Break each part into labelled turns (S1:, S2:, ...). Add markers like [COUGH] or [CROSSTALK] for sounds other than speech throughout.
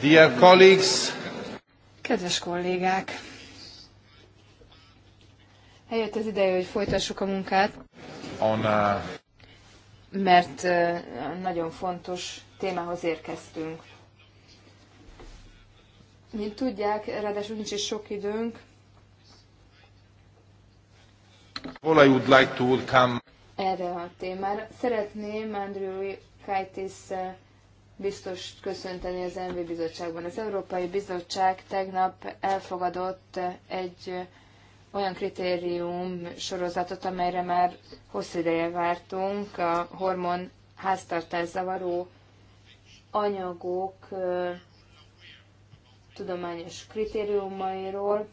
S1: Dear colleagues.
S2: Kedves kollégák. Eljött az ideje, hogy folytassuk a munkát. On, uh... Mert uh, nagyon fontos témához érkeztünk. Mint tudják, ráadásul nincs is sok időnk. All I would like to come. Erre a témára. Szeretném Andrew Kaitis uh, biztos köszönteni az MV Bizottságban. Az Európai Bizottság tegnap elfogadott egy olyan kritérium sorozatot, amelyre már hosszú ideje vártunk, a hormon háztartás zavaró anyagok tudományos kritériumairól.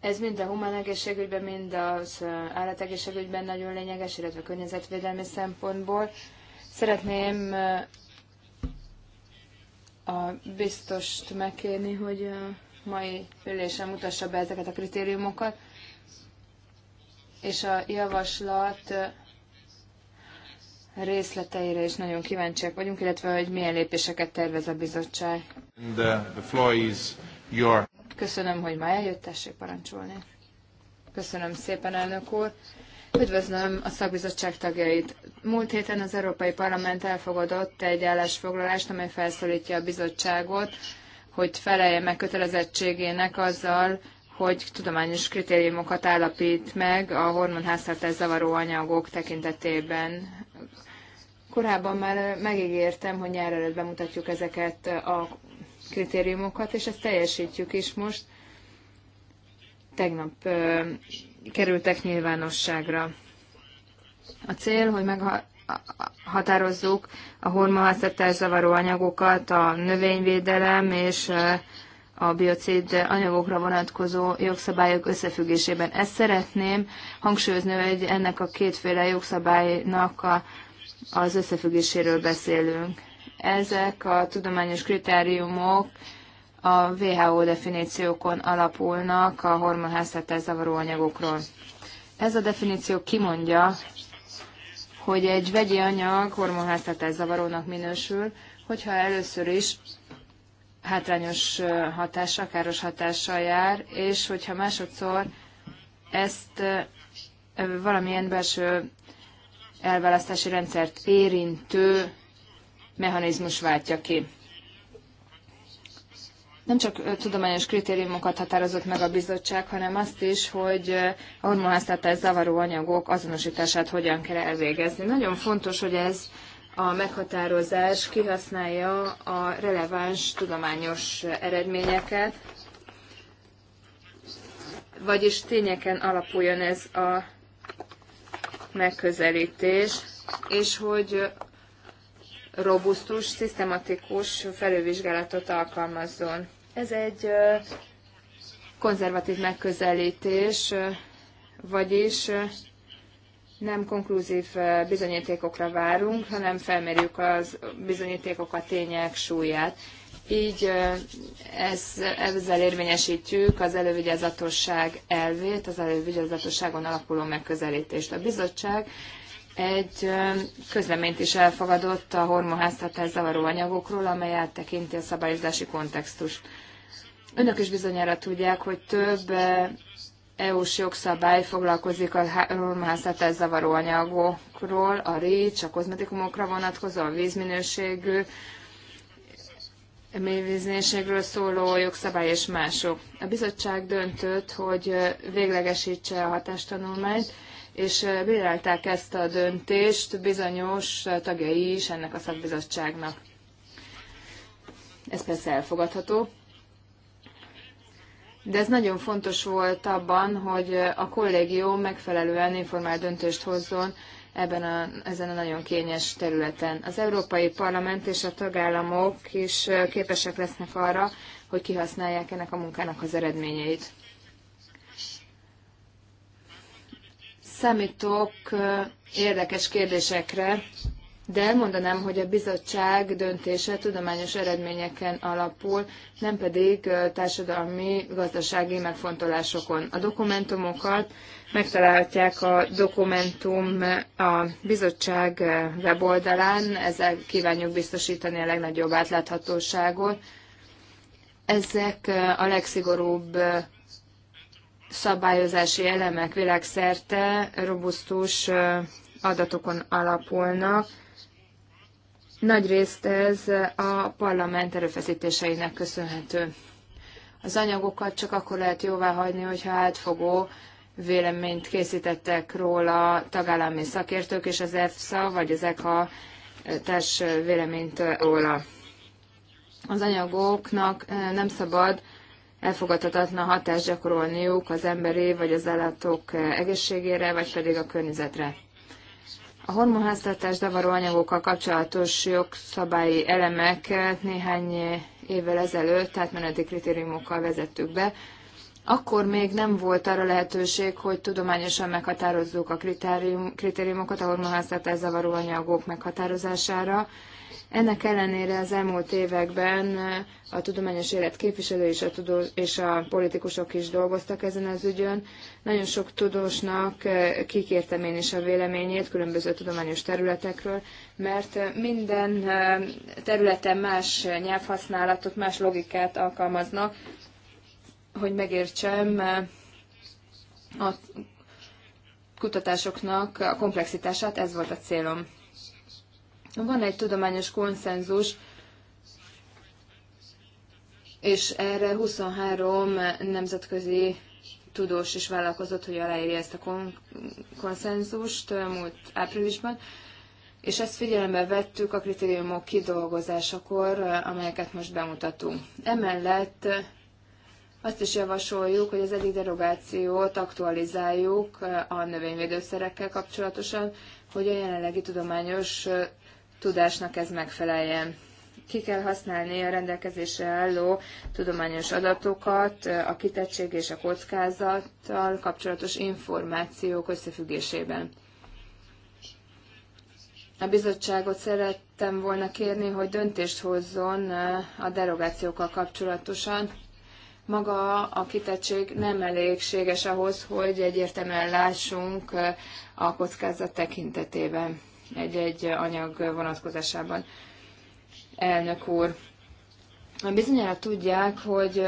S2: Ez mind a humán egészségügyben, mind az állategészségügyben nagyon lényeges, illetve környezetvédelmi szempontból. Szeretném a biztost megkérni, hogy a mai ülésen mutassa be ezeket a kritériumokat, és a javaslat részleteire is nagyon kíváncsiak vagyunk, illetve hogy milyen lépéseket tervez a bizottság.
S1: And the, uh, the floor is your...
S2: Köszönöm, hogy ma eljött, tessék parancsolni. Köszönöm szépen, elnök úr. Üdvözlöm a szakbizottság tagjait. Múlt héten az Európai Parlament elfogadott egy állásfoglalást, amely felszólítja a bizottságot, hogy felelje meg kötelezettségének azzal, hogy tudományos kritériumokat állapít meg a hormonháztartás zavaró anyagok tekintetében. Korábban már megígértem, hogy nyár előtt bemutatjuk ezeket a kritériumokat, és ezt teljesítjük is most. Tegnap ö, kerültek nyilvánosságra. A cél, hogy meghatározzuk a hormonháztartás zavaró anyagokat, a növényvédelem és a biocid anyagokra vonatkozó jogszabályok összefüggésében. Ezt szeretném hangsúlyozni, hogy ennek a kétféle jogszabálynak a, az összefüggéséről beszélünk. Ezek a tudományos kritériumok a WHO definíciókon alapulnak a hormonháztartás zavaró anyagokról. Ez a definíció kimondja, hogy egy vegyi anyag hormonháztartás zavarónak minősül, hogyha először is hátrányos hatással, káros hatással jár, és hogyha másodszor ezt valamilyen belső elválasztási rendszert érintő mechanizmus váltja ki. Nem csak tudományos kritériumokat határozott meg a bizottság, hanem azt is, hogy a hormonháztartás zavaró anyagok azonosítását hogyan kell elvégezni. Nagyon fontos, hogy ez a meghatározás kihasználja a releváns tudományos eredményeket, vagyis tényeken alapuljon ez a megközelítés, és hogy robusztus, szisztematikus felővizsgálatot alkalmazzon. Ez egy konzervatív megközelítés, vagyis nem konklúzív bizonyítékokra várunk, hanem felmérjük az bizonyítékok a tények súlyát. Így ez, ezzel érvényesítjük az elővigyázatosság elvét, az elővigyázatosságon alapuló megközelítést. A bizottság egy közleményt is elfogadott a hormonháztartás zavaró anyagokról, amely áttekinti a szabályozási kontextust. Önök is bizonyára tudják, hogy több EU-s jogszabály foglalkozik a hormonháztartás zavaró anyagokról, a REACH, a kozmetikumokra vonatkozó, a vízminőségű, mélyvízménységről szóló jogszabály és mások. A bizottság döntött, hogy véglegesítse a hatástanulmányt, és bírálták ezt a döntést bizonyos tagjai is ennek a szakbizottságnak. Ez persze elfogadható. De ez nagyon fontos volt abban, hogy a kollégium megfelelően informált döntést hozzon ebben a, ezen a nagyon kényes területen. Az Európai Parlament és a tagállamok is képesek lesznek arra, hogy kihasználják ennek a munkának az eredményeit. Számítok érdekes kérdésekre, de elmondanám, hogy a bizottság döntése tudományos eredményeken alapul, nem pedig társadalmi, gazdasági megfontolásokon. A dokumentumokat megtalálhatják a dokumentum a bizottság weboldalán, ezzel kívánjuk biztosítani a legnagyobb átláthatóságot. Ezek a legszigorúbb szabályozási elemek világszerte robusztus adatokon alapulnak. Nagyrészt ez a parlament erőfeszítéseinek köszönhető. Az anyagokat csak akkor lehet jóvá hagyni, hogyha átfogó véleményt készítettek róla tagállami szakértők és az EFSA vagy az ECHA társ véleményt róla. Az anyagoknak nem szabad elfogadhatatlan hatást gyakorolniuk az emberi vagy az állatok egészségére, vagy pedig a környezetre. A hormonháztartás davaró anyagokkal kapcsolatos jogszabályi elemek néhány évvel ezelőtt tehát meneti kritériumokkal vezettük be. Akkor még nem volt arra lehetőség, hogy tudományosan meghatározzuk a kritérium, kritériumokat a hormonháztartás zavaró anyagok meghatározására, ennek ellenére az elmúlt években eh, a tudományos élet képviselői és a, tudó, és a politikusok is dolgoztak ezen az ügyön. Nagyon sok tudósnak eh, kikértem én is a véleményét különböző tudományos területekről, mert eh, minden területen más nyelvhasználatot, más logikát alkalmaznak, hogy megértsem a kutatásoknak a komplexitását, ez volt a célom. Van egy tudományos konszenzus, és erre 23 nemzetközi tudós is vállalkozott, hogy aláírja ezt a kon- konszenzust múlt áprilisban, és ezt figyelembe vettük a kritériumok kidolgozásakor, amelyeket most bemutatunk. Emellett azt is javasoljuk, hogy az egyik derogációt aktualizáljuk a növényvédőszerekkel kapcsolatosan, hogy a jelenlegi tudományos tudásnak ez megfeleljen. Ki kell használni a rendelkezésre álló tudományos adatokat a kitettség és a kockázattal kapcsolatos információk összefüggésében. A bizottságot szerettem volna kérni, hogy döntést hozzon eh, a derogációkkal kapcsolatosan. Maga a kitettség nem elégséges ahhoz, hogy egyértelműen lássunk eh, a kockázat tekintetében egy-egy anyag vonatkozásában. Elnök úr, bizonyára tudják, hogy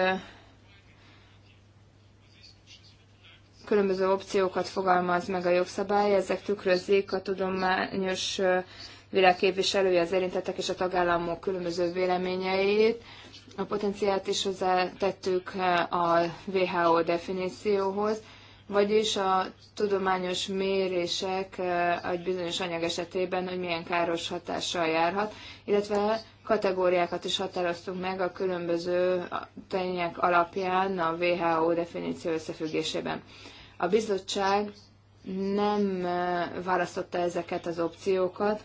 S2: különböző opciókat fogalmaz meg a jogszabály, ezek tükrözik a tudományos világképviselője, az érintettek és a tagállamok különböző véleményeit. A potenciált is hozzá tettük a WHO definícióhoz vagyis a tudományos mérések egy bizonyos anyag esetében, hogy milyen káros hatással járhat, illetve kategóriákat is határoztunk meg a különböző tények alapján a WHO definíció összefüggésében. A bizottság nem választotta ezeket az opciókat.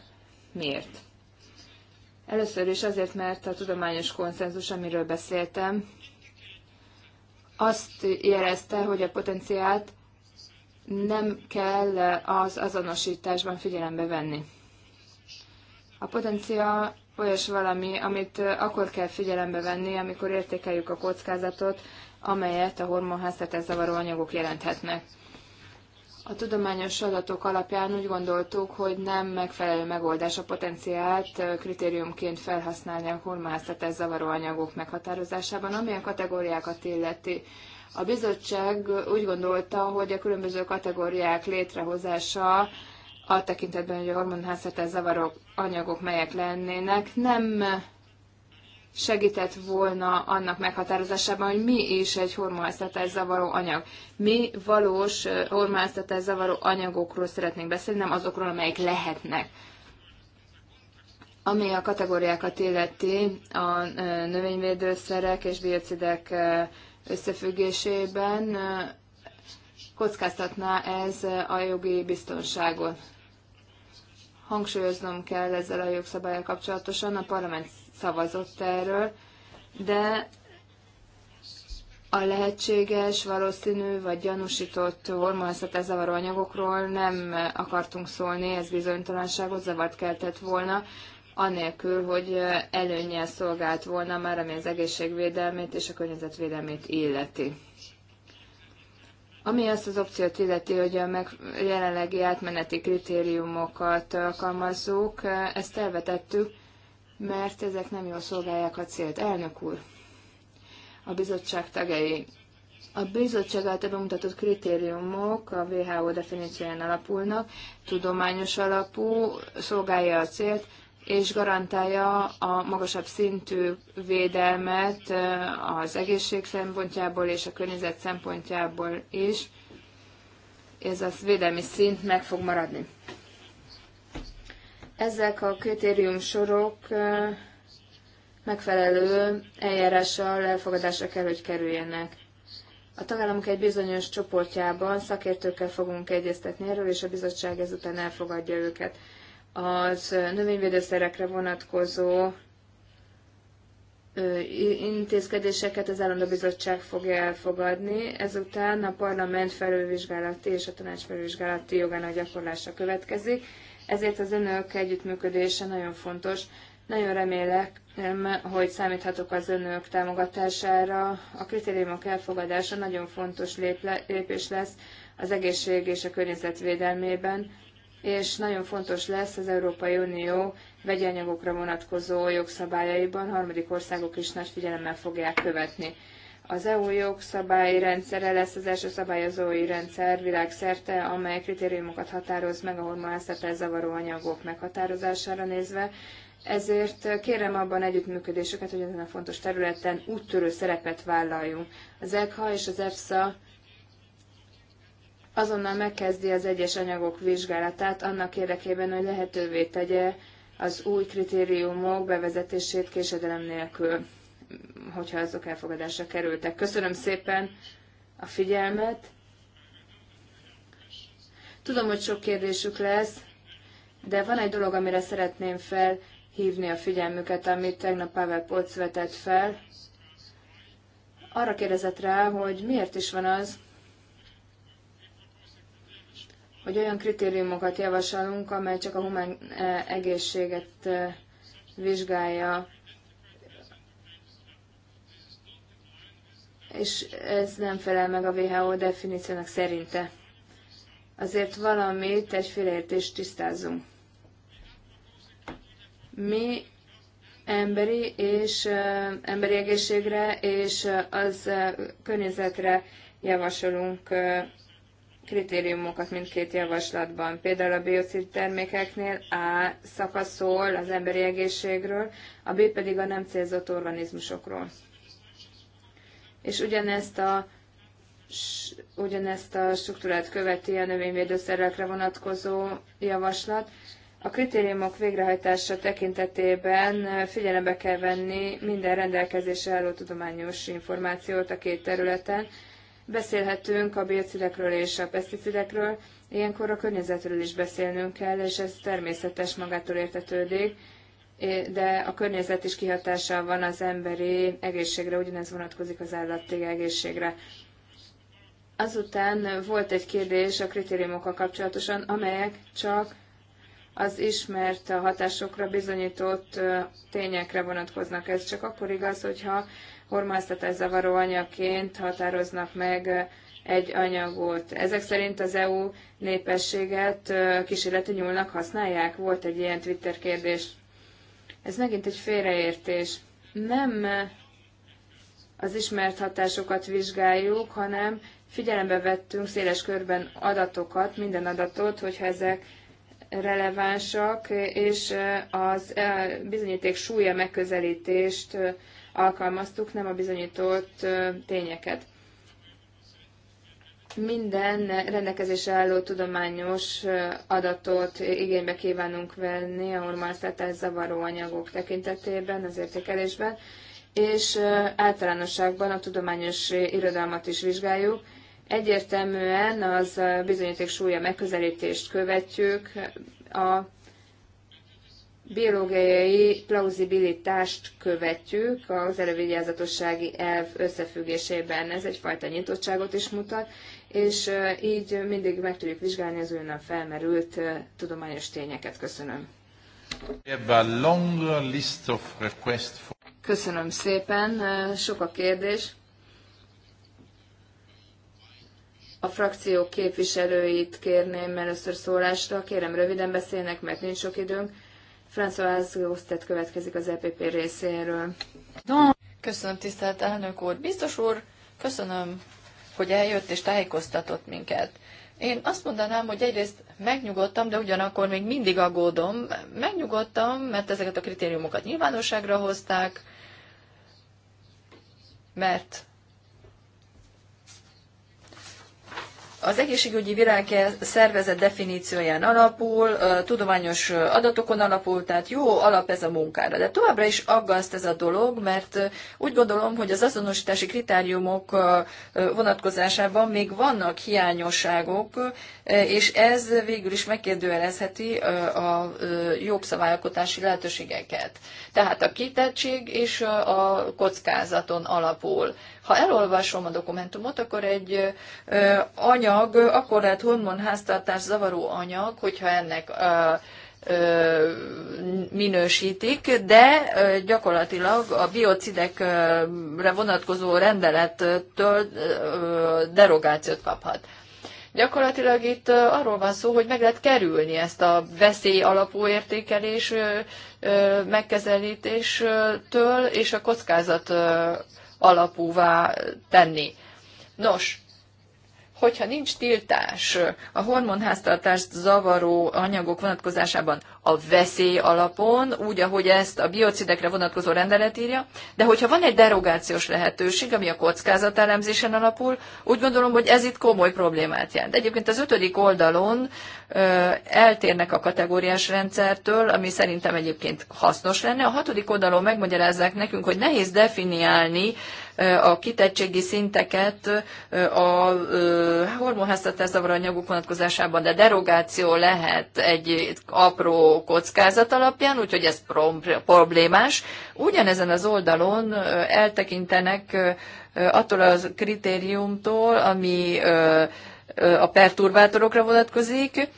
S2: Miért? Először is azért, mert a tudományos konszenzus, amiről beszéltem, azt jelezte, hogy a potenciált nem kell az azonosításban figyelembe venni. A potencia olyas valami, amit akkor kell figyelembe venni, amikor értékeljük a kockázatot, amelyet a hormonháztetett zavaró anyagok jelenthetnek. A tudományos adatok alapján úgy gondoltuk, hogy nem megfelelő megoldás a potenciált kritériumként felhasználni a hormonháztatás zavaró anyagok meghatározásában, amilyen kategóriákat illeti. A bizottság úgy gondolta, hogy a különböző kategóriák létrehozása a tekintetben, hogy a hormonházhatás zavaró anyagok melyek lennének, nem segített volna annak meghatározásában, hogy mi is egy hormonáztatás zavaró anyag. Mi valós hormonáztatás zavaró anyagokról szeretnénk beszélni, nem azokról, amelyek lehetnek. Ami a kategóriákat illeti, a növényvédőszerek és biocidek összefüggésében kockáztatná ez a jogi biztonságot. Hangsúlyoznom kell ezzel a jogszabályok kapcsolatosan a parlament szavazott erről, de a lehetséges, valószínű vagy gyanúsított hormonszatázzavaró anyagokról nem akartunk szólni, ez bizonytalanságot zavart keltett volna, anélkül, hogy előnyel szolgált volna már, ami az egészségvédelmét és a környezetvédelmét illeti. Ami azt az opciót illeti, hogy a meg, jelenlegi átmeneti kritériumokat alkalmazzuk, ezt elvetettük, mert ezek nem jól szolgálják a célt. Elnök úr, a bizottság tagjai. A bizottság által bemutatott kritériumok a WHO definícióján alapulnak, tudományos alapú, szolgálja a célt, és garantálja a magasabb szintű védelmet az egészség szempontjából és a környezet szempontjából is. Ez a védelmi szint meg fog maradni. Ezek a kritérium sorok megfelelő eljárással elfogadásra kell, hogy kerüljenek. A tagállamok egy bizonyos csoportjában szakértőkkel fogunk egyeztetni erről, és a bizottság ezután elfogadja őket. Az növényvédőszerekre vonatkozó intézkedéseket az állandó bizottság fogja elfogadni, ezután a parlament felülvizsgálati és a tanács felülvizsgálati jogának gyakorlása következik, ezért az önök együttműködése nagyon fontos. Nagyon remélek, hogy számíthatok az önök támogatására. A kritériumok elfogadása nagyon fontos lépés lesz az egészség és a környezet védelmében, és nagyon fontos lesz az Európai Unió vegyanyagokra vonatkozó jogszabályaiban, harmadik országok is nagy figyelemmel fogják követni. Az EU jogszabályi rendszere lesz az első szabályozói rendszer világszerte, amely kritériumokat határoz meg a hormonháztartás zavaró anyagok meghatározására nézve, ezért kérem abban együttműködésüket, hogy ezen a fontos területen úttörő szerepet vállaljunk. Az EGHA és az EFSA azonnal megkezdi az egyes anyagok vizsgálatát annak érdekében, hogy lehetővé tegye az új kritériumok bevezetését késedelem nélkül hogyha azok elfogadásra kerültek. Köszönöm szépen a figyelmet. Tudom, hogy sok kérdésük lesz, de van egy dolog, amire szeretném felhívni a figyelmüket, amit tegnap Pavel Polc vetett fel. Arra kérdezett rá, hogy miért is van az, hogy olyan kritériumokat javasolunk, amely csak a humán eh, egészséget eh, vizsgálja. és ez nem felel meg a WHO definíciónak szerinte. Azért valamit, egy félértést tisztázunk. Mi emberi és emberi egészségre és az környezetre javasolunk kritériumokat mindkét javaslatban. Például a biocid termékeknél A szakaszol az emberi egészségről, a B pedig a nem célzott organizmusokról és ugyanezt a ugyanezt a struktúrát követi a növényvédőszerekre vonatkozó javaslat. A kritériumok végrehajtása tekintetében figyelembe kell venni minden rendelkezésre álló tudományos információt a két területen. Beszélhetünk a biocidekről és a peszticidekről, ilyenkor a környezetről is beszélnünk kell, és ez természetes magától értetődik de a környezet is kihatással van az emberi egészségre, ugyanez vonatkozik az állati egészségre. Azután volt egy kérdés a kritériumokkal kapcsolatosan, amelyek csak az ismert hatásokra bizonyított tényekre vonatkoznak. Ez csak akkor igaz, hogyha zavaró anyaként határoznak meg egy anyagot. Ezek szerint az EU népességet kísérleti nyúlnak használják? Volt egy ilyen Twitter kérdés. Ez megint egy félreértés. Nem eh, az ismert hatásokat vizsgáljuk, hanem figyelembe vettünk széles körben adatokat, minden adatot, hogyha ezek relevánsak, és eh, az eh, bizonyíték súlya megközelítést alkalmaztuk, nem a bizonyított tényeket minden rendelkezésre álló tudományos adatot igénybe kívánunk venni a hormonztatás zavaró anyagok tekintetében, az értékelésben, és általánosságban a tudományos irodalmat is vizsgáljuk. Egyértelműen az bizonyíték súlya megközelítést követjük, a biológiai plauzibilitást követjük az elővigyázatossági elv összefüggésében. Ez egyfajta nyitottságot is mutat, és így mindig meg tudjuk vizsgálni az újonnan felmerült tudományos tényeket. Köszönöm. Köszönöm szépen, sok a kérdés. A frakció képviselőit kérném először szólásra, kérem röviden beszélnek, mert nincs sok időnk. François Osztet következik az EPP részéről. Köszönöm, tisztelt elnök úr. Biztos úr,
S1: köszönöm hogy eljött és tájékoztatott minket. Én azt mondanám, hogy egyrészt megnyugodtam, de ugyanakkor még mindig aggódom. Megnyugodtam, mert ezeket a kritériumokat nyilvánosságra hozták, mert az egészségügyi világ szervezet definícióján alapul, tudományos adatokon alapul, tehát jó alap ez a munkára. De továbbra is aggaszt ez a dolog, mert úgy gondolom, hogy az azonosítási kritériumok vonatkozásában még vannak hiányosságok, és ez végül is megkérdőjelezheti a jogszabályalkotási lehetőségeket. Tehát a kitettség és a kockázaton alapul. Ha elolvasom a dokumentumot, akkor egy anyag, akkor lehet hormon háztartás zavaró anyag, hogyha ennek minősítik, de gyakorlatilag a biocidekre vonatkozó rendelettől derogációt kaphat. Gyakorlatilag itt arról van szó, hogy meg lehet kerülni ezt a veszély alapú értékelés megkezelítéstől és a kockázat alapúvá tenni. Nos, hogyha nincs tiltás a hormonháztartást zavaró anyagok vonatkozásában, a veszély alapon, úgy, ahogy ezt a biocidekre vonatkozó rendelet írja, de hogyha van egy derogációs lehetőség, ami a kockázatelemzésen alapul, úgy gondolom, hogy ez itt komoly problémát jelent. Egyébként az ötödik oldalon ö, eltérnek a kategóriás rendszertől, ami szerintem egyébként hasznos lenne. A hatodik oldalon megmagyarázzák nekünk, hogy nehéz definiálni ö, a kitettségi szinteket ö, a hormonháztartás vonatkozásában, de derogáció lehet egy apró kockázat alapján, úgyhogy ez problémás. Ugyanezen az oldalon eltekintenek attól a kritériumtól, ami a perturbátorokra vonatkozik,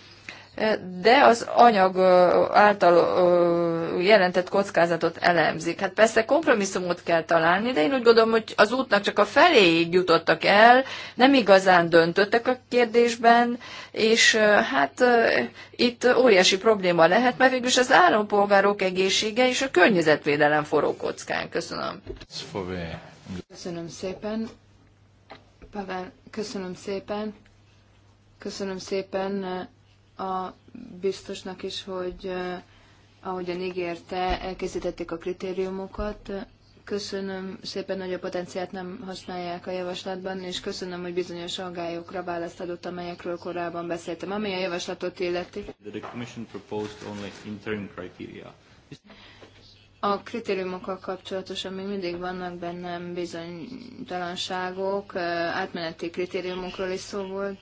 S1: de az anyag által jelentett kockázatot elemzik. Hát persze kompromisszumot kell találni, de én úgy gondolom, hogy az útnak csak a feléig jutottak el, nem igazán döntöttek a kérdésben, és hát itt óriási probléma lehet, mert végülis az állampolgárok egészsége és a
S2: környezetvédelem forró kockán. Köszönöm. Köszönöm szépen. Pavel, köszönöm szépen. Köszönöm szépen a biztosnak is, hogy eh, ahogyan ígérte, elkészítették a kritériumokat. Köszönöm szépen, hogy a potenciát nem használják a javaslatban, és köszönöm, hogy bizonyos aggályokra választ adott, amelyekről korábban beszéltem. Ami a javaslatot illeti. A kritériumokkal kapcsolatosan még mindig vannak bennem bizonytalanságok, eh, átmeneti kritériumokról is szó volt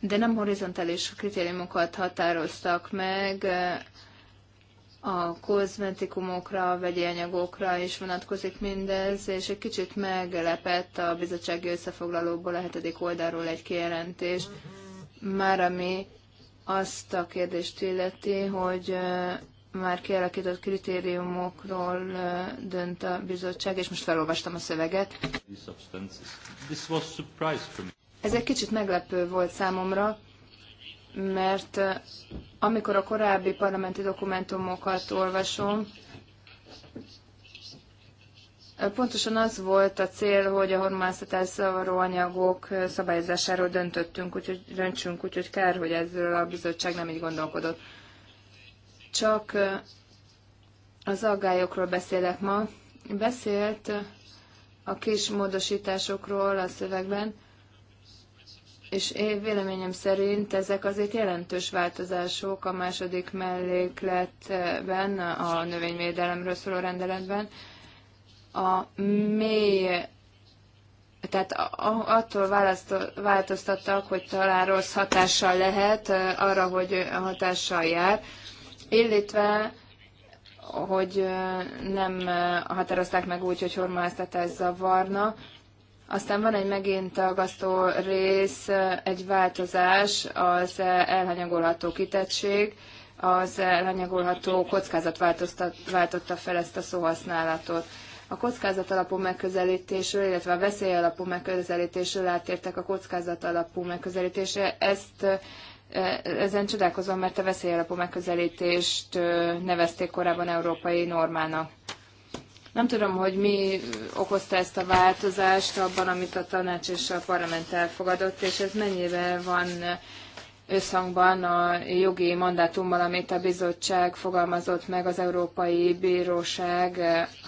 S2: de nem horizontális kritériumokat határoztak meg a kozmetikumokra, a vegyi anyagokra is vonatkozik mindez, és egy kicsit meglepett a bizottsági összefoglalóból a hetedik oldalról egy kijelentés, már ami azt a kérdést illeti, hogy már kialakított kritériumokról dönt a bizottság, és most felolvastam a szöveget.
S1: This was surprise for me.
S2: Ez egy kicsit meglepő volt számomra, mert eh, amikor a korábbi parlamenti dokumentumokat olvasom, eh, Pontosan az volt a cél, hogy a hormonászatás zavaró anyagok eh, szabályozásáról döntöttünk, úgyhogy döntsünk, úgyhogy kár, hogy ezzel a bizottság nem így gondolkodott. Csak az aggályokról beszélek ma. Beszélt a kis módosításokról a szövegben, és én véleményem szerint ezek azért jelentős változások a második mellékletben, a növényvédelemről szóló rendeletben. A mély, tehát attól változtattak, hogy talán rossz hatással lehet arra, hogy hatással jár, illetve hogy nem határozták meg úgy, hogy hormonáztatás zavarna, aztán van egy megint aggasztó rész, egy változás, az elhanyagolható kitettség, az elhanyagolható kockázat váltotta fel ezt a szóhasználatot. A kockázat alapú megközelítésről, illetve a veszély alapú megközelítésről átértek a kockázat alapú megközelítésre. Ezt e, ezen csodálkozom, mert a veszély alapú megközelítést nevezték korábban európai normának. Nem tudom, hogy mi okozta ezt a változást abban, amit a tanács és a parlament elfogadott, és ez mennyire van összhangban a jogi mandátummal, amit a bizottság fogalmazott meg az Európai Bíróság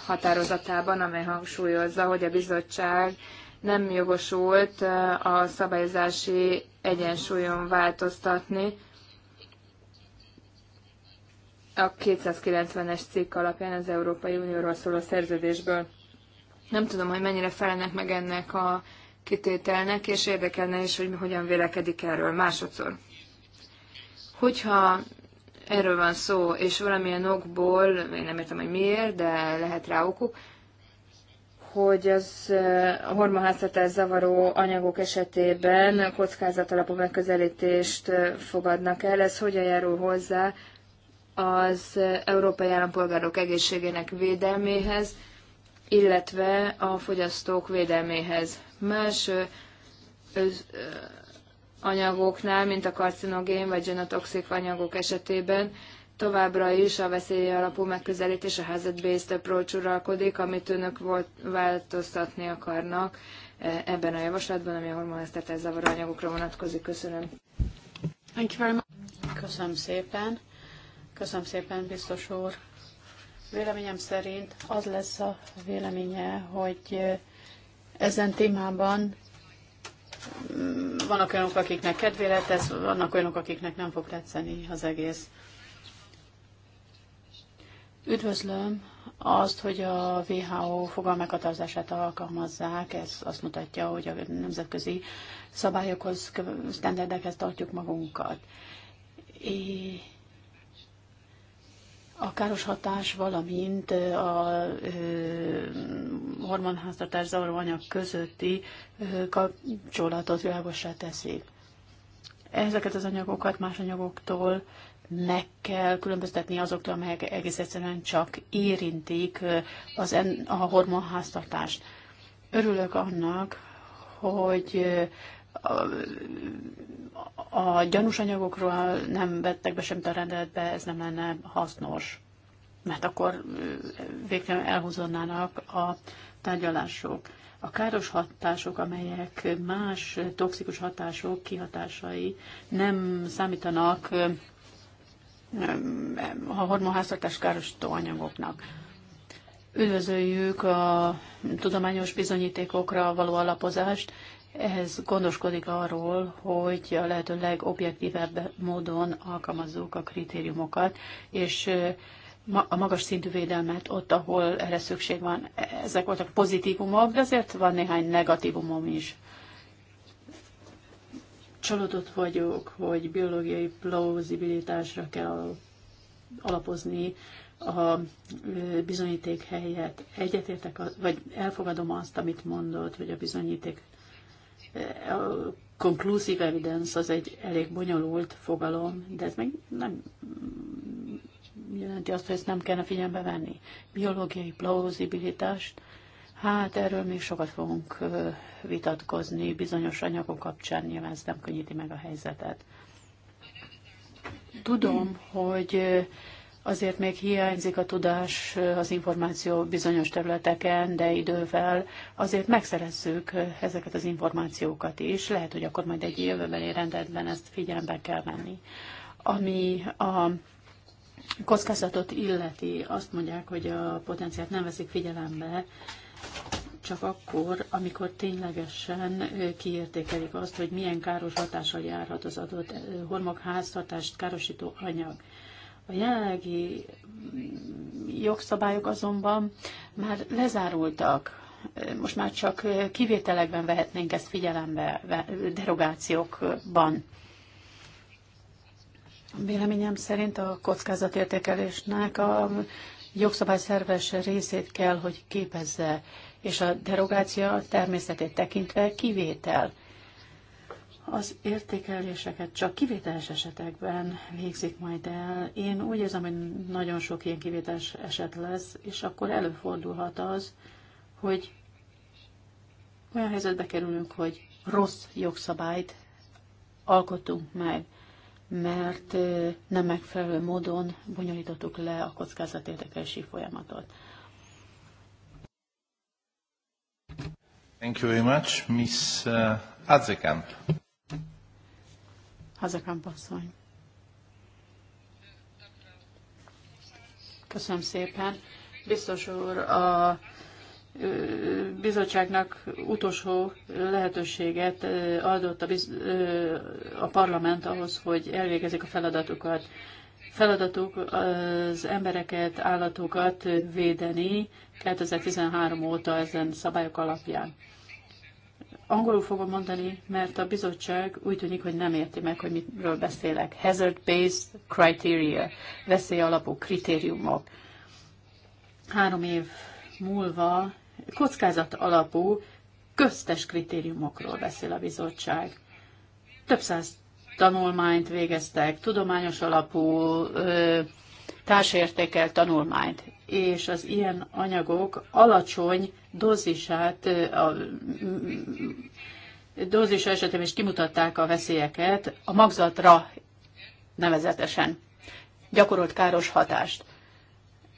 S2: határozatában, amely hangsúlyozza, hogy a bizottság nem jogosult a szabályozási egyensúlyon változtatni, a 290-es cikk alapján az Európai Unióról szóló szerződésből. Nem tudom, hogy mennyire felelnek meg ennek a kitételnek, és érdekelne is, hogy hogyan vélekedik erről másodszor. Hogyha erről van szó, és valamilyen okból, én nem értem, hogy miért, de lehet rá okuk, hogy az eh, a hormonháztatás zavaró anyagok esetében kockázat alapú megközelítést eh, fogadnak el. Ez hogyan járul hozzá az európai állampolgárok egészségének védelméhez, illetve a fogyasztók védelméhez. Más anyagoknál, mint a karcinogén vagy genotoxik anyagok esetében, továbbra is a veszély alapú megközelítés a házat based approach uralkodik, amit önök volt, változtatni akarnak
S3: e, ebben a javaslatban, ami a hormonesztetes zavaró anyagokra vonatkozik. Köszönöm. Thank you very much. Köszönöm szépen. Köszönöm szépen, biztos úr. Véleményem szerint az lesz a véleménye, hogy ezen témában mm, vannak olyanok, akiknek kedvére tesz, vannak olyanok, akiknek nem fog tetszeni az egész. Üdvözlöm azt, hogy a WHO fogalmeghatározását alkalmazzák, ez azt mutatja, hogy a nemzetközi szabályokhoz, sztenderdekhez tartjuk magunkat. É a káros hatás, valamint a hormonháztartás zavaró közötti kapcsolatot világosra teszi. Ezeket az anyagokat más anyagoktól meg kell különböztetni azoktól, amelyek egész egyszerűen csak érintik az en, a hormonháztartást. Örülök annak, hogy a, a gyanús anyagokról nem vettek be semmit a rendeletbe, ez nem lenne hasznos, mert akkor végre elhúzódnának a tárgyalások. A káros hatások, amelyek más toxikus hatások kihatásai nem számítanak a hormonháztartás károsító anyagoknak. Üdvözöljük a tudományos bizonyítékokra való alapozást, ez gondoskodik arról, hogy a lehető legobjektívebb módon alkalmazzuk a kritériumokat, és a magas szintű védelmet ott, ahol erre szükség van. E-, ezek voltak pozitívumok, de azért van néhány negatívumom is. Csalódott vagyok, hogy biológiai plauzibilitásra kell alapozni a bizonyíték helyett. Egyetértek, vagy elfogadom azt, amit mondott, hogy a bizonyíték a conclusive evidence az egy elég bonyolult fogalom, de ez még nem jelenti azt, hogy ezt nem kellene figyelembe venni. Biológiai plauzibilitást, hát erről még sokat fogunk vitatkozni bizonyos anyagok kapcsán, nyilván ez nem könnyíti meg a helyzetet. Tudom, hogy Azért még hiányzik a tudás, az információ bizonyos területeken, de idővel azért megszerezzük ezeket az információkat is. Lehet, hogy akkor majd egy jövőbeli rendetben ezt figyelembe kell venni. Ami a kockázatot illeti, azt mondják, hogy a potenciált nem veszik figyelembe, csak akkor, amikor ténylegesen kiértékelik azt, hogy milyen káros hatással járhat az adott eh, hormogháztartást károsító anyag. A jelenlegi jogszabályok azonban már lezárultak. Most már csak kivételekben vehetnénk ezt figyelembe, derogációkban. Véleményem szerint a kockázatértékelésnek a jogszabály szerves részét kell, hogy képezze, és a derogáció természetét tekintve kivétel. Az értékeléseket csak kivételes esetekben végzik majd el. Én úgy érzem, hogy nagyon sok ilyen kivételes eset lesz, és akkor előfordulhat az, hogy olyan helyzetbe kerülünk, hogy rossz jogszabályt alkotunk meg, mert nem megfelelő módon bonyolítottuk le a kockázatértékelési folyamatot. Thank
S1: you very much, Miss uh, Azekamp.
S3: Haza asszony. Köszönöm szépen. Biztos úr, a bizottságnak utolsó lehetőséget adott a, biz, a parlament ahhoz, hogy elvégezik a feladatukat. Feladatuk az embereket, állatokat védeni 2013 óta ezen szabályok alapján. Angolul fogom mondani, mert a bizottság úgy tűnik, hogy nem érti meg, hogy miről beszélek. Hazard-based criteria, veszély alapú kritériumok. Három év múlva kockázat alapú köztes kritériumokról beszél a bizottság. Több száz tanulmányt végeztek, tudományos alapú, társértékelt tanulmányt, és az ilyen anyagok alacsony dózisát, a dózisa esetében is kimutatták a veszélyeket a magzatra nevezetesen gyakorolt káros hatást.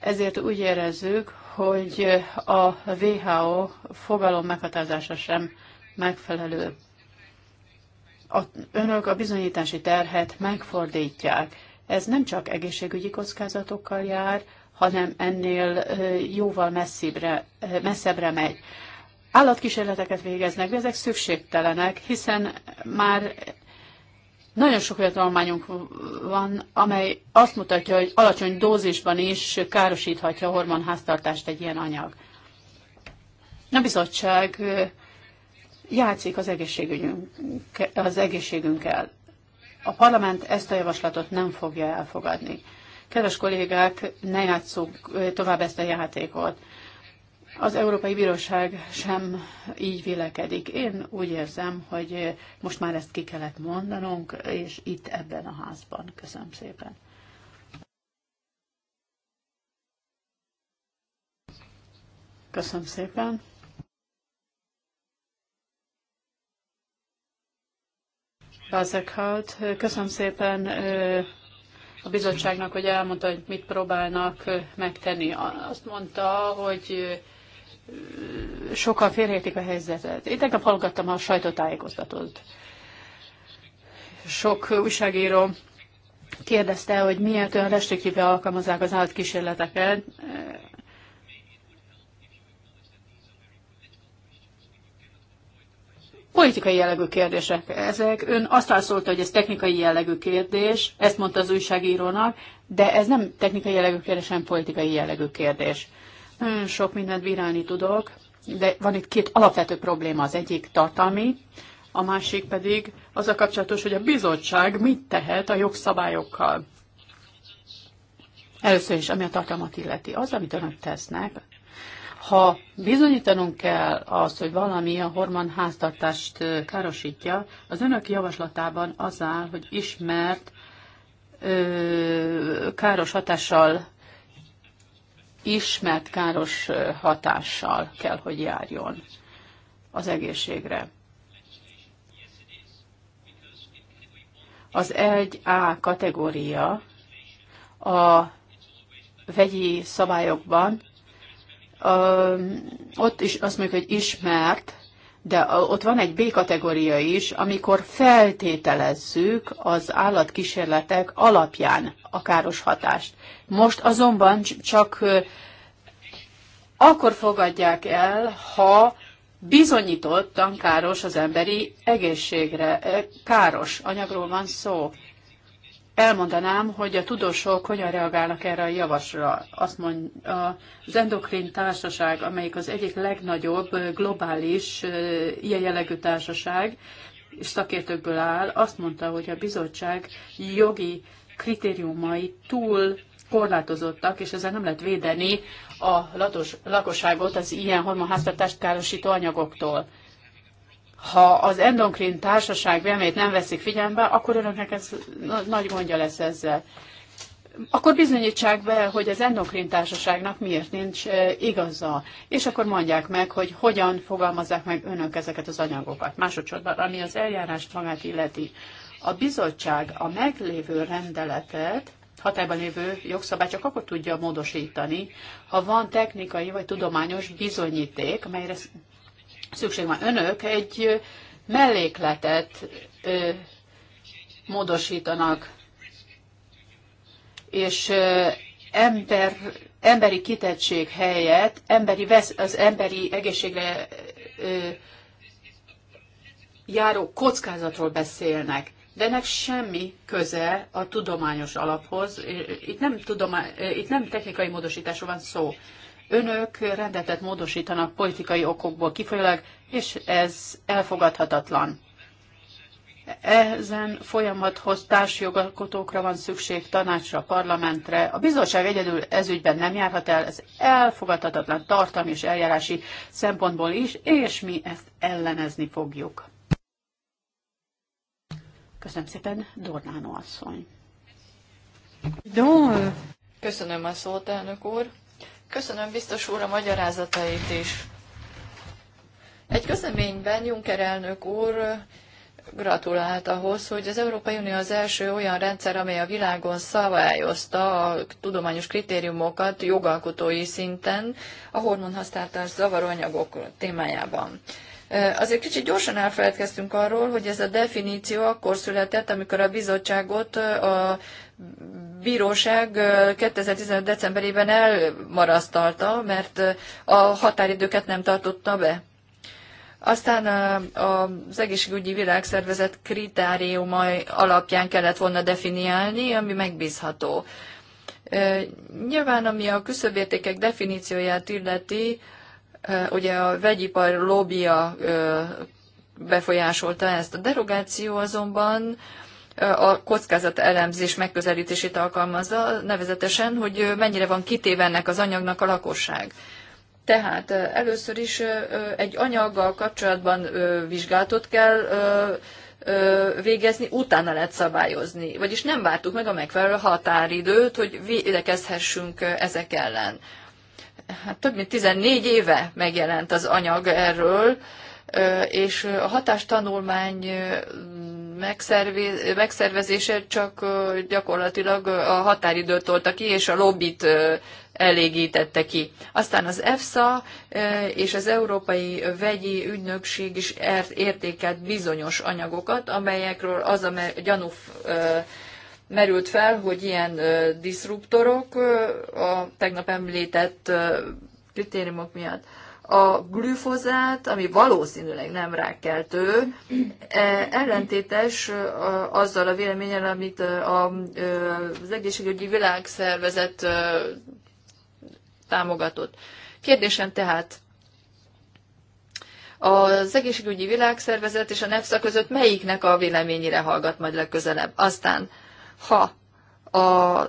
S3: Ezért úgy érezzük, hogy a WHO fogalom meghatározása sem megfelelő. A, önök a bizonyítási terhet megfordítják. Ez nem csak egészségügyi kockázatokkal jár, hanem ennél jóval messzibre, messzebbre megy. Állatkísérleteket végeznek, de ezek szükségtelenek, hiszen már nagyon sok olyan tanulmányunk van, amely azt mutatja, hogy alacsony dózisban is károsíthatja a hormonháztartást egy ilyen anyag. A bizottság játszik az, egészségügyünk, az egészségünkkel. A parlament ezt a javaslatot nem fogja elfogadni. Kedves kollégák, ne játsszuk tovább ezt a játékot. Az Európai Bíróság sem így vélekedik. Én úgy érzem, hogy most már ezt ki kellett mondanunk, és itt ebben a házban. Köszönöm szépen. Köszönöm szépen. Bazekhaut, köszönöm szépen a bizottságnak, hogy elmondta, hogy mit próbálnak megtenni. Azt mondta, hogy sokan félhetik a helyzetet. Én tegnap hallgattam a sajtótájékoztatót. Sok újságíró kérdezte, hogy miért olyan restriktíve alkalmazzák az állatkísérleteket. politikai jellegű kérdések ezek. Ön azt válaszolta, hogy ez technikai jellegű kérdés, ezt mondta az újságírónak, de ez nem technikai jellegű kérdés, hanem politikai jellegű kérdés. Nagyon sok mindent virálni tudok, de van itt két alapvető probléma. Az egyik tartalmi, a másik pedig az a kapcsolatos, hogy a bizottság mit tehet a jogszabályokkal. Először is, ami a tartalmat illeti. Az, amit önök tesznek, ha bizonyítanunk kell azt, hogy valami a hormon háztartást károsítja, az önök javaslatában az áll, hogy ismert ö, káros hatással ismert káros hatással kell, hogy járjon az egészségre. Az 1A kategória a vegyi szabályokban ott is azt mondjuk, hogy ismert, de ott van egy B kategória is, amikor feltételezzük az állatkísérletek alapján a káros hatást. Most azonban csak akkor fogadják el, ha bizonyítottan káros az emberi egészségre, káros anyagról van szó elmondanám, hogy a tudósok hogyan reagálnak erre a javasra. Azt mondja, az endokrin társaság, amelyik az egyik legnagyobb globális ilyen jellegű társaság, és szakértőkből áll, azt mondta, hogy a bizottság jogi kritériumai túl korlátozottak, és ezzel nem lehet védeni a lakosságot az ilyen hormonháztartást károsító anyagoktól ha az endokrin társaság véleményét nem veszik figyelembe, akkor önöknek ez nagy gondja lesz ezzel. Akkor bizonyítsák be, hogy az endokrin társaságnak miért nincs e, igaza, és akkor mondják meg, hogy hogyan fogalmazzák meg önök ezeket az anyagokat. Másodszorban, ami az eljárást magát illeti, a bizottság a meglévő rendeletet, hatályban lévő jogszabály csak akkor tudja módosítani, ha van technikai vagy tudományos bizonyíték, amelyre szükség van. Önök egy mellékletet módosítanak, és ember, emberi kitettség helyett emberi vesz, az emberi egészségre ö, járó kockázatról beszélnek. De ennek semmi köze a tudományos alaphoz. Itt nem, tudomány, itt nem technikai módosításról van szó. Önök rendetet módosítanak politikai okokból kifolyólag, és ez elfogadhatatlan. Ezen folyamathoz társjogalkotókra van szükség, tanácsra, parlamentre. A bizottság egyedül ezügyben nem járhat el, ez elfogadhatatlan tartalmi és eljárási szempontból is, és mi ezt ellenezni fogjuk. Köszönöm szépen, Dornánó asszony. Euh,
S1: Köszönöm a szót, elnök úr. Köszönöm biztos úr a magyarázatait is. Egy közleményben Juncker elnök úr gratulált ahhoz, hogy az Európai Unió az első olyan rendszer, amely a világon szabályozta a tudományos kritériumokat jogalkotói szinten a hormonhasztáltás zavaró anyagok témájában. Azért kicsit gyorsan elfeledkeztünk arról, hogy ez a definíció akkor született, amikor a bizottságot a bíróság 2015. decemberében elmarasztalta, mert a határidőket nem tartotta be. Aztán az egészségügyi világszervezet kritériuma alapján kellett volna definiálni, ami megbízható. Nyilván, ami a küszöbértékek definícióját illeti, ugye a vegyipar lobbia befolyásolta ezt. A derogáció azonban a kockázat elemzés megközelítését alkalmazza, nevezetesen, hogy mennyire van kitéve ennek az anyagnak a lakosság. Tehát először is egy anyaggal kapcsolatban vizsgálatot kell végezni, utána lehet szabályozni. Vagyis nem vártuk meg a megfelelő határidőt, hogy védekezhessünk ezek ellen hát több mint 14 éve megjelent az anyag erről, és a hatástanulmány megszervezése csak gyakorlatilag a határidőt tolta ki, és a lobbit elégítette ki. Aztán az EFSA és az Európai Vegyi Ügynökség is értékelt bizonyos anyagokat, amelyekről az a gyanú merült fel, hogy ilyen diszruptorok a tegnap említett kritériumok miatt. A glüfozát, ami valószínűleg nem rákkeltő, e, ellentétes azzal a véleményel, amit az egészségügyi világszervezet támogatott. Kérdésem tehát, az egészségügyi világszervezet és a NEFSA között melyiknek a véleményére hallgat majd legközelebb? Aztán ha a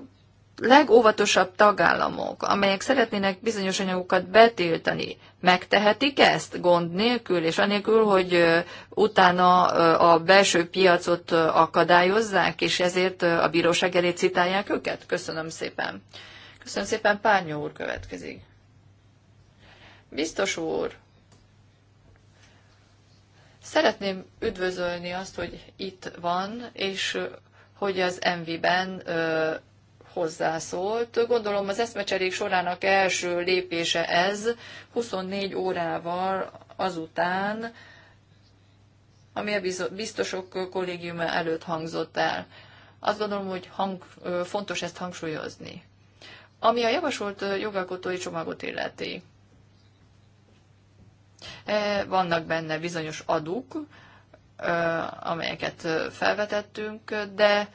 S1: legóvatosabb tagállamok, amelyek szeretnének bizonyos anyagokat betiltani, megtehetik ezt gond nélkül, és anélkül, hogy utána a belső piacot akadályozzák, és ezért a bíróság elé citálják őket? Köszönöm szépen. Köszönöm szépen, Párnyó úr következik. Biztos úr, szeretném üdvözölni azt, hogy itt van, és hogy az MV-ben hozzászólt. Gondolom az eszmecserék sorának első lépése ez, 24 órával azután, ami a biztosok kollégiuma előtt hangzott el. Azt gondolom, hogy hang, fontos ezt hangsúlyozni. Ami a javasolt jogalkotói csomagot illeti. E, vannak benne bizonyos aduk, amelyeket felvetettünk, de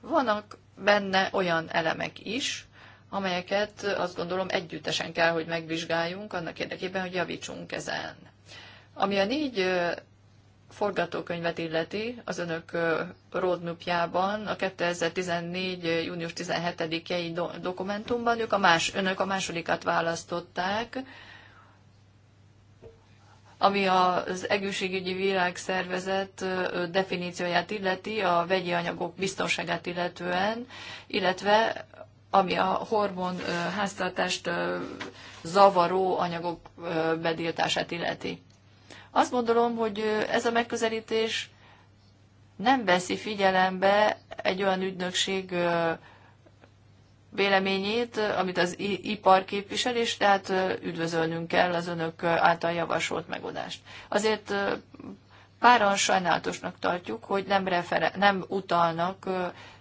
S1: vannak benne olyan elemek is, amelyeket azt gondolom együttesen kell, hogy megvizsgáljunk annak érdekében, hogy javítsunk ezen. Ami a négy forgatókönyvet illeti, az önök roadmapjában, a 2014. június 17-i dokumentumban, ők a más, önök a másodikat választották, ami az egészségügyi világszervezet definícióját illeti, a vegyi anyagok biztonságát illetően, illetve ami a hormon háztartást zavaró anyagok bediltását illeti. Azt gondolom, hogy ez a megközelítés nem veszi figyelembe egy olyan ügynökség véleményét, amit az ipar képvisel, és tehát üdvözölnünk kell az önök által javasolt megoldást. Azért páran sajnálatosnak tartjuk, hogy nem, referen- nem utalnak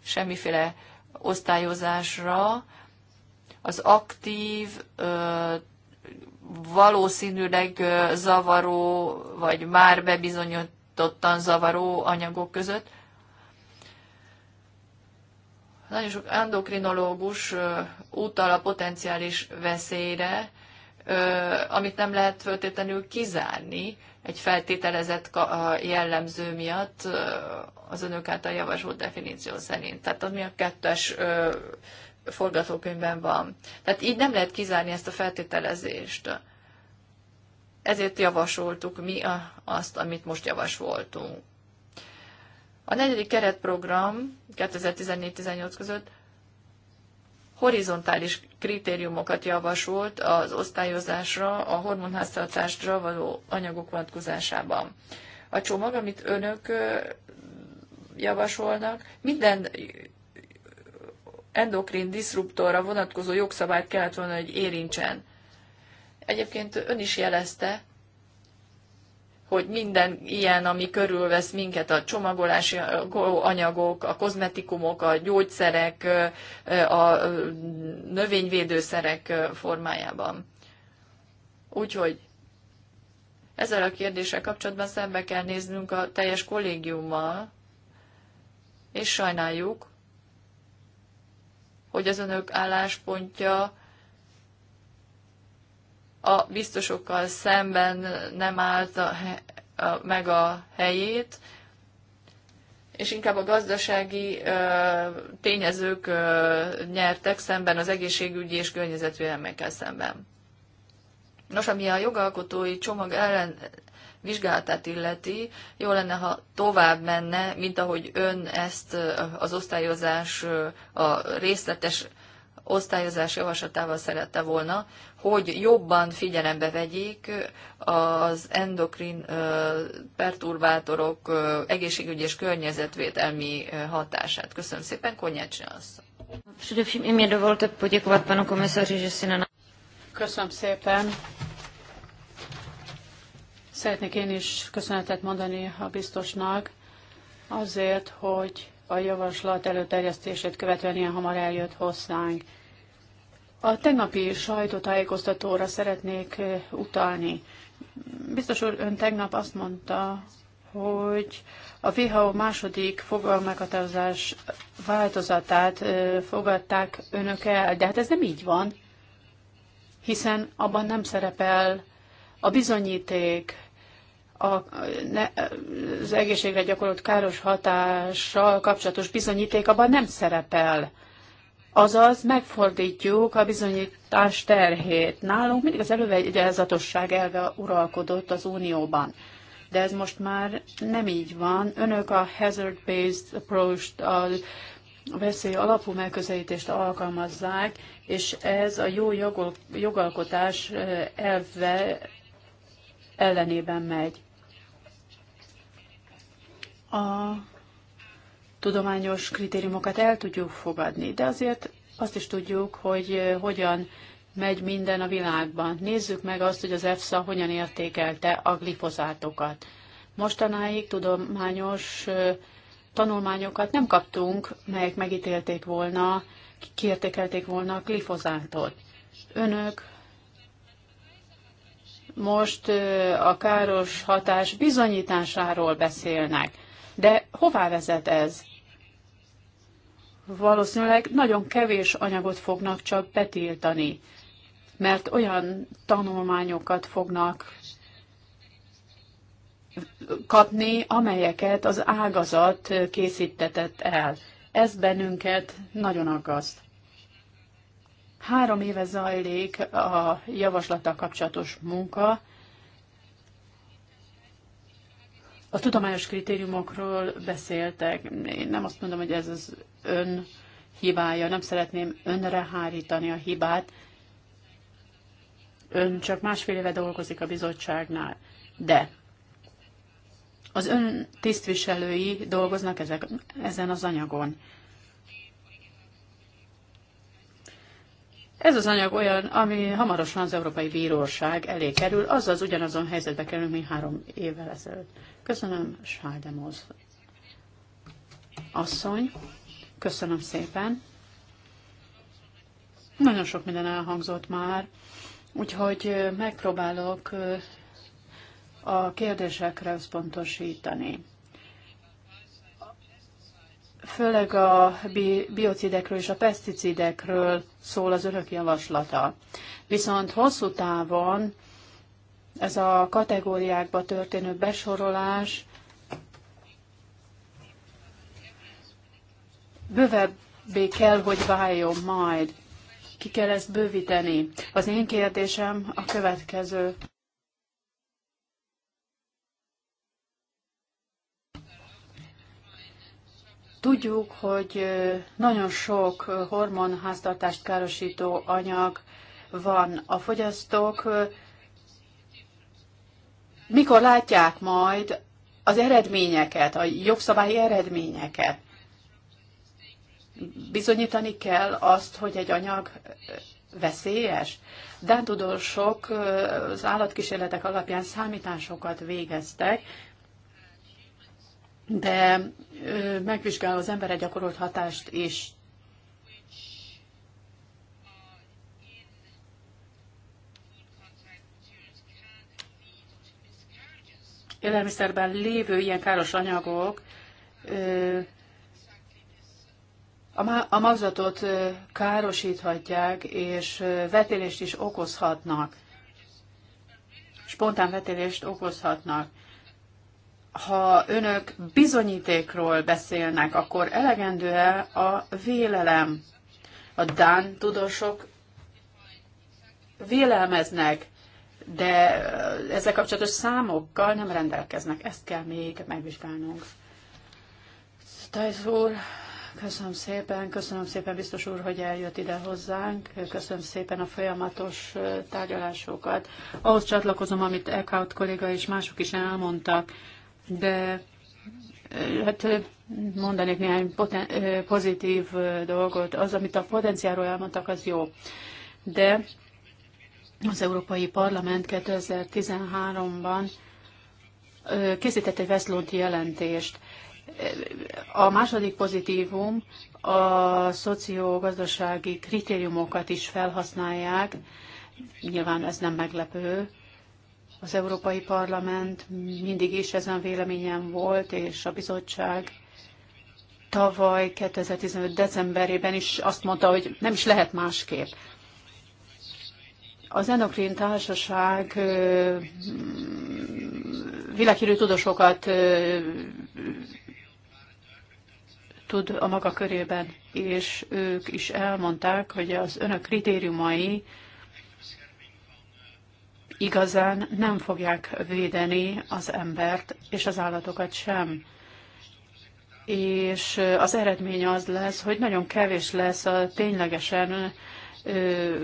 S1: semmiféle osztályozásra az aktív, valószínűleg zavaró, vagy már bebizonyítottan zavaró anyagok között, nagyon sok endokrinológus utal a potenciális veszélyre, amit nem lehet föltétlenül kizárni egy feltételezett jellemző miatt az önök által javasolt definíció szerint. Tehát ami a kettes forgatókönyvben van. Tehát így nem lehet kizárni ezt a feltételezést. Ezért javasoltuk mi azt, amit most javasoltunk. A negyedik keretprogram 2014-18 között horizontális kritériumokat javasolt az osztályozásra, a hormonháztartásra való anyagok vonatkozásában. A csomag, amit önök javasolnak, minden endokrin diszruptorra vonatkozó jogszabályt kellett volna, hogy érintsen. Egyébként ön is jelezte, hogy minden ilyen, ami körülvesz minket, a csomagolási anyagok, a kozmetikumok, a gyógyszerek, a növényvédőszerek formájában. Úgyhogy ezzel a kérdéssel kapcsolatban szembe kell néznünk a teljes kollégiummal, és sajnáljuk, hogy az önök álláspontja a biztosokkal szemben nem állt a, a, meg a helyét, és inkább a gazdasági ö, tényezők ö, nyertek szemben az egészségügyi és környezetvédelmekkel szemben. Nos, ami a jogalkotói csomag ellen vizsgálatát illeti, jó lenne, ha tovább menne, mint ahogy ön ezt az osztályozás a részletes osztályozás javaslatával szerette volna, hogy jobban figyelembe vegyék az endokrin perturbátorok egészségügyi és környezetvédelmi hatását. Köszönöm szépen,
S3: Konyácsi asszony. Köszönöm szépen. Szeretnék én is köszönetet mondani a biztosnak azért, hogy a javaslat előterjesztését követően ilyen hamar eljött hozzánk. A tegnapi sajtótájékoztatóra szeretnék eh, utalni. Biztos úr, ön tegnap azt mondta, hogy a WHO második fogalmeghatározás változatát eh, fogadták önök el, de hát ez nem így van, hiszen abban nem szerepel a bizonyíték, a, ne, az egészségre gyakorolt káros hatással kapcsolatos bizonyíték abban nem szerepel. Azaz megfordítjuk a bizonyítás terhét. Nálunk mindig az elővegyelzatosság elve uralkodott az Unióban. De ez most már nem így van. Önök a hazard-based approach-t, a veszély alapú megközelítést alkalmazzák, és ez a jó jogol, jogalkotás eh, elve ellenében megy a tudományos kritériumokat el tudjuk fogadni, de azért azt is tudjuk, hogy eh, hogyan megy minden a világban. Nézzük meg azt, hogy az EFSA hogyan értékelte a glifozátokat. Mostanáig tudományos eh, tanulmányokat nem kaptunk, melyek megítélték volna, kiértékelték volna a glifozátot. Önök most eh, a káros hatás bizonyításáról beszélnek. De hová vezet ez? Valószínűleg nagyon kevés anyagot fognak csak betiltani, mert olyan tanulmányokat fognak kapni, amelyeket az ágazat készítetett el. Ez bennünket nagyon aggaszt. Három éve zajlik a javaslattal kapcsolatos munka, a tudományos kritériumokról beszéltek. Én nem azt mondom, hogy ez az ön hibája, nem szeretném önre hárítani a hibát. Ön csak másfél éve dolgozik a bizottságnál, de az ön tisztviselői dolgoznak ezek, ezen az anyagon. Ez az anyag olyan, ami hamarosan az Európai Bíróság elé kerül, azaz ugyanazon helyzetbe kerülünk, mint három évvel ezelőtt. Köszönöm, Sáldemoz asszony. Köszönöm szépen. Nagyon sok minden elhangzott már, úgyhogy megpróbálok a kérdésekre összpontosítani főleg a biocidekről és a peszticidekről szól az örök javaslata. Viszont hosszú távon ez a kategóriákba történő besorolás bővebbé kell, hogy váljon majd. Ki kell ezt bővíteni. Az én kérdésem a következő. Tudjuk, hogy nagyon sok hormonháztartást károsító anyag van. A fogyasztók mikor látják majd az eredményeket, a jogszabályi eredményeket? Bizonyítani kell azt, hogy egy anyag veszélyes? Dántudósok az állatkísérletek alapján számításokat végeztek, de megvizsgál az emberre gyakorolt hatást is. Élelmiszerben lévő ilyen káros anyagok a magzatot károsíthatják, és vetélést is okozhatnak. Spontán vetélést okozhatnak ha önök bizonyítékról beszélnek, akkor elegendő-e a vélelem? A Dán tudósok vélelmeznek, de ezzel kapcsolatos számokkal nem rendelkeznek. Ezt kell még megvizsgálnunk. Tajsz úr, köszönöm szépen, köszönöm szépen biztos úr, hogy eljött ide hozzánk, köszönöm szépen a folyamatos tárgyalásokat. Ahhoz csatlakozom, amit Eckhout kolléga és mások is elmondtak de hát mondanék néhány poten, pozitív dolgot. Az, amit a potenciáról elmondtak, az jó. De az Európai Parlament 2013-ban készített egy Veszlonti jelentést. A második pozitívum a szociogazdasági kritériumokat is felhasználják, nyilván ez nem meglepő, az Európai Parlament mindig is ezen véleményen volt, és a bizottság tavaly 2015. decemberében is azt mondta, hogy nem is lehet másképp. Az Endokrin Társaság világhírű tudósokat tud a maga körében, és ők is elmondták, hogy az önök kritériumai igazán nem fogják védeni az embert és az állatokat sem. És az eredmény az lesz, hogy nagyon kevés lesz a ténylegesen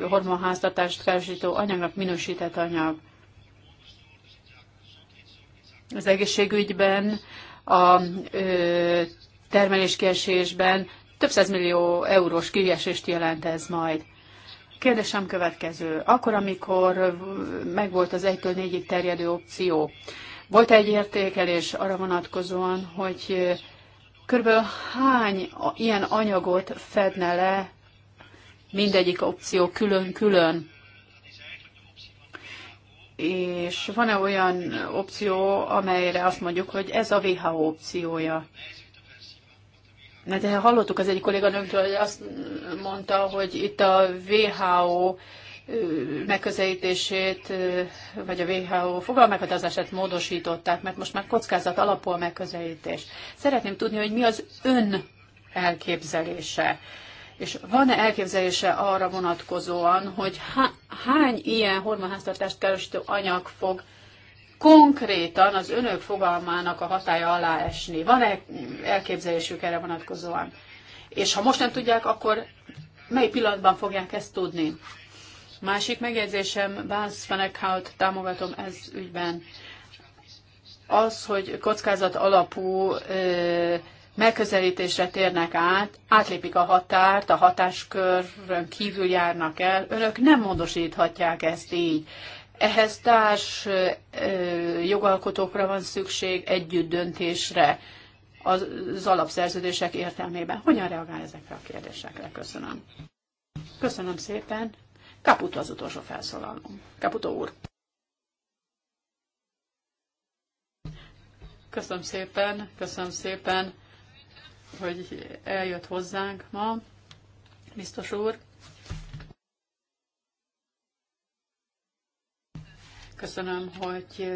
S3: hormonháztatást károsító anyagnak minősített anyag. Az egészségügyben, a termeléskiesésben több millió eurós kiesést jelent ez majd. Kérdésem következő. Akkor, amikor megvolt az 1-től 4-ig terjedő opció, volt egy értékelés arra vonatkozóan, hogy körülbelül hány ilyen anyagot fedne le mindegyik opció külön-külön? És van-e olyan opció, amelyre azt mondjuk, hogy ez a WHO opciója? Na de hallottuk az egyik kolléganőmtől, hogy azt mondta, hogy itt a WHO megközelítését, vagy a WHO fogalmeghatározását módosították, mert most már kockázat a megközelítés. Szeretném tudni, hogy mi az ön elképzelése. És van-e elképzelése arra vonatkozóan, hogy há- hány ilyen hormonháztartást károsító anyag fog konkrétan az önök fogalmának a hatája alá esni? Van-e elképzelésük erre vonatkozóan? És ha most nem tudják, akkor mely pillanatban fogják ezt tudni? Másik megjegyzésem, Bász Fenekhout, támogatom ez ügyben. Az, hogy kockázat alapú ö, megközelítésre térnek át, átlépik a határt, a hatáskörön kívül járnak el, önök nem módosíthatják ezt így. Ehhez társ jogalkotókra van szükség, együtt döntésre az alapszerződések értelmében. Hogyan reagál ezekre a kérdésekre? Köszönöm. Köszönöm szépen. Kaputo az utolsó felszólaló. Kaputo úr. Köszönöm szépen, köszönöm szépen, hogy eljött hozzánk ma, biztos úr. Köszönöm, hogy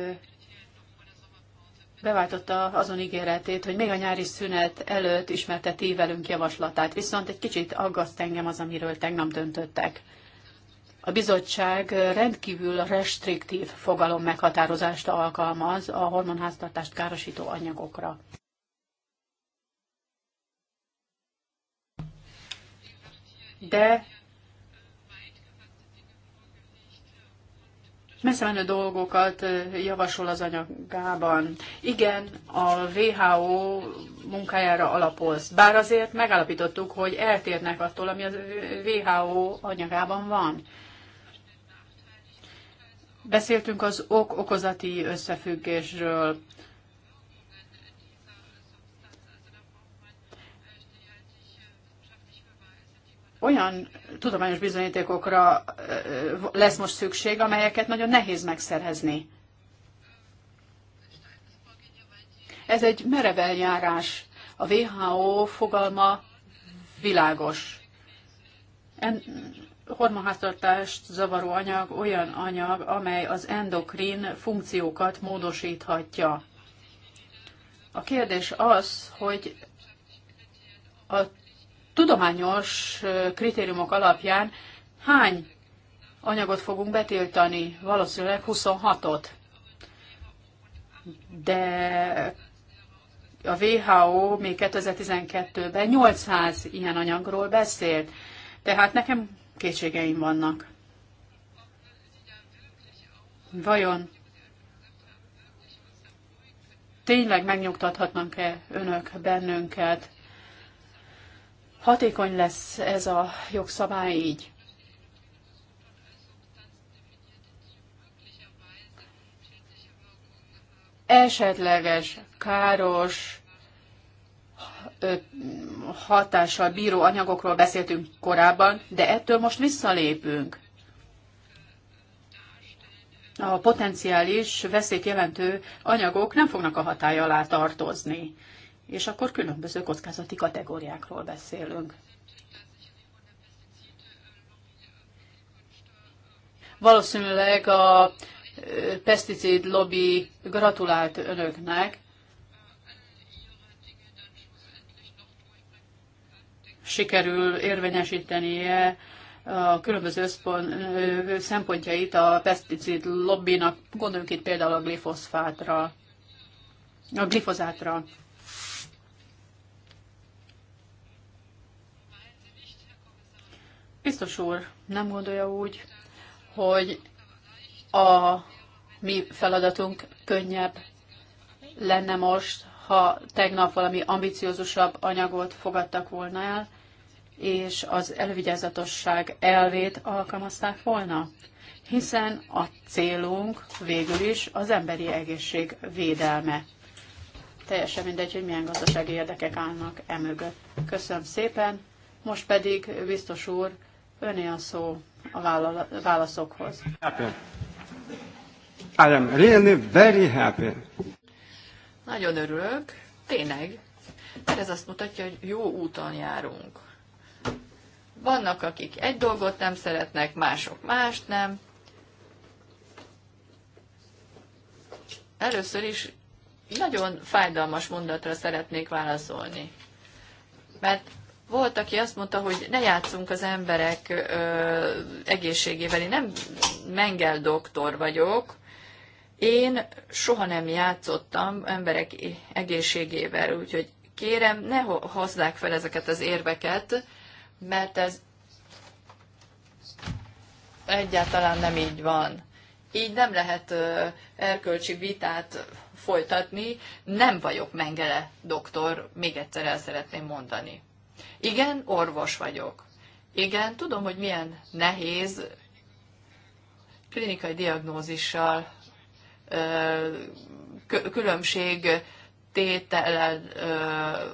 S3: beváltotta azon ígéretét, hogy még a nyári szünet előtt ismerteti velünk javaslatát, viszont egy kicsit aggaszt engem az, amiről tegnap döntöttek. A bizottság rendkívül restriktív fogalom meghatározást alkalmaz a hormonháztartást károsító anyagokra. De messze menő dolgokat javasol az anyagában. Igen, a WHO munkájára alapoz. Bár azért megállapítottuk, hogy eltérnek attól, ami a WHO anyagában van. Beszéltünk az ok-okozati összefüggésről. Olyan tudományos bizonyítékokra lesz most szükség, amelyeket nagyon nehéz megszerezni. Ez egy merev eljárás. A WHO fogalma világos. En, hormonháztartást zavaró anyag olyan anyag, amely az endokrin funkciókat módosíthatja. A kérdés az, hogy a tudományos kritériumok alapján hány anyagot fogunk betiltani, valószínűleg 26-ot. De a WHO még 2012-ben 800 ilyen anyagról beszélt, tehát nekem kétségeim vannak. Vajon tényleg megnyugtathatnak-e önök bennünket? Hatékony lesz ez a jogszabály így. Esetleges, káros hatással bíró anyagokról beszéltünk korábban, de ettől most visszalépünk a potenciális veszélyt jelentő anyagok nem fognak a hatály alá tartozni és akkor különböző kockázati kategóriákról beszélünk. Valószínűleg a pesticid lobby gratulált önöknek. Sikerül érvényesítenie a különböző szempontjait a pesticid lobbynak, gondoljunk itt például a glifoszfátra, a glifozátra. Biztos úr, nem gondolja úgy, hogy a mi feladatunk könnyebb lenne most, ha tegnap valami ambiciózusabb anyagot fogadtak volna el, és az elővigyázatosság elvét alkalmazták volna? Hiszen a célunk végül is az emberi egészség védelme. Teljesen mindegy, hogy milyen gazdasági érdekek állnak emögött. Köszönöm szépen, most pedig biztos úr Öné a szó a válaszokhoz.
S1: I am really very happy. Nagyon örülök. Tényleg. Mert ez azt mutatja, hogy jó úton járunk. Vannak, akik egy dolgot nem szeretnek, mások mást nem. Először is nagyon fájdalmas mondatra szeretnék válaszolni. Mert volt, aki azt mondta, hogy ne játszunk az emberek ö, egészségével. Én nem Mengel doktor vagyok. Én soha nem játszottam emberek egészségével, úgyhogy kérem, ne hozzák fel ezeket az érveket, mert ez egyáltalán nem így van. Így nem lehet erkölcsi vitát folytatni. Nem vagyok Mengele doktor, még egyszer el szeretném mondani. Igen, orvos vagyok. Igen, tudom, hogy milyen nehéz klinikai diagnózissal különbség tétellel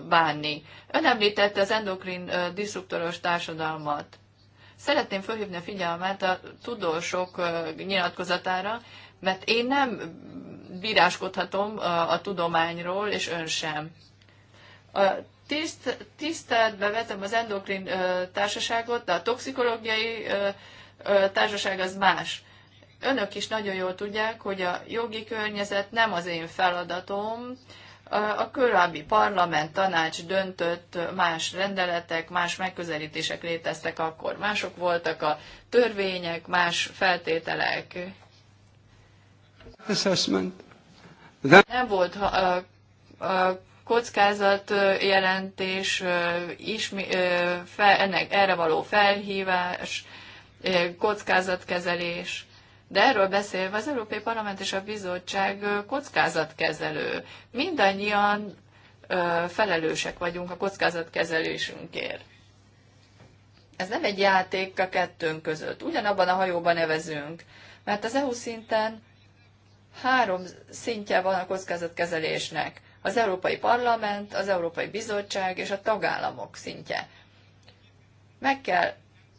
S1: bánni. Ön említette az endokrin diszruptoros társadalmat. Szeretném felhívni a figyelmet a tudósok nyilatkozatára, mert én nem bíráskodhatom a tudományról, és ön sem. A tiszt, tiszteletbe vetem az endokrin ö, társaságot, de a toxikológiai ö, ö, társaság az más. Önök is nagyon jól tudják, hogy a jogi környezet nem az én feladatom. A korábbi parlament, tanács döntött, más rendeletek, más megközelítések léteztek akkor. Mások voltak a törvények, más feltételek. Nem volt a, kockázat jelentés, ismi, fel, ennek erre való felhívás, kockázatkezelés. De erről beszélve az Európai Parlament és a Bizottság kockázatkezelő. Mindannyian felelősek vagyunk a kockázatkezelésünkért. Ez nem egy játék a kettőnk között. Ugyanabban a hajóban nevezünk, mert az EU szinten három szintje van a kockázatkezelésnek – az Európai Parlament, az Európai Bizottság és a tagállamok szintje. Meg kell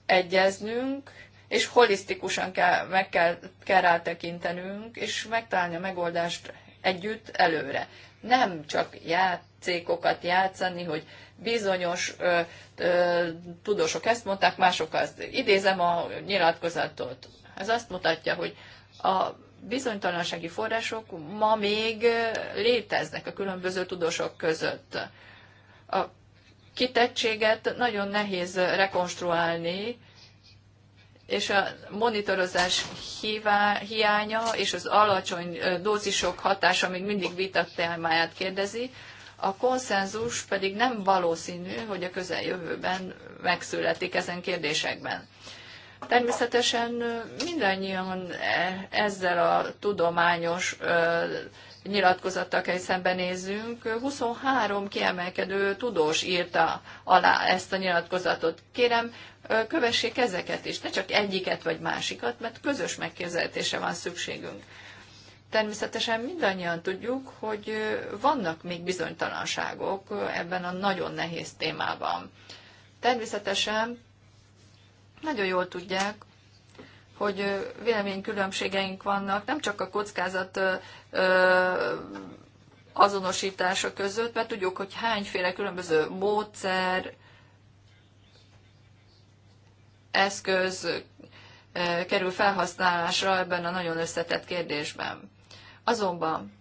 S1: egyeznünk, és holisztikusan kell, meg kell, kell rátekintenünk, és megtalálni a megoldást együtt előre. Nem csak játszékokat játszani, hogy bizonyos ö, ö, tudósok ezt mondták, mások azt. Idézem a nyilatkozatot. Ez azt mutatja, hogy a bizonytalansági források ma még léteznek a különböző tudósok között. A kitettséget nagyon nehéz rekonstruálni, és a monitorozás hívá, hiánya és az alacsony dózisok hatása még mindig vitattelmáját kérdezi, a konszenzus pedig nem valószínű, hogy a közeljövőben megszületik ezen kérdésekben. Természetesen mindannyian e, ezzel a tudományos nyilatkozattal kell szembenézzünk. 23 kiemelkedő tudós írta alá ezt a nyilatkozatot. Kérem, kövessék ezeket is, ne csak egyiket vagy másikat, mert közös megképzelése van szükségünk. Természetesen mindannyian tudjuk, hogy vannak még bizonytalanságok ebben a nagyon nehéz témában. Természetesen nagyon jól tudják, hogy véleménykülönbségeink vannak, nem csak a kockázat azonosítása között, mert tudjuk, hogy hányféle különböző módszer, eszköz kerül felhasználásra ebben a nagyon összetett kérdésben. Azonban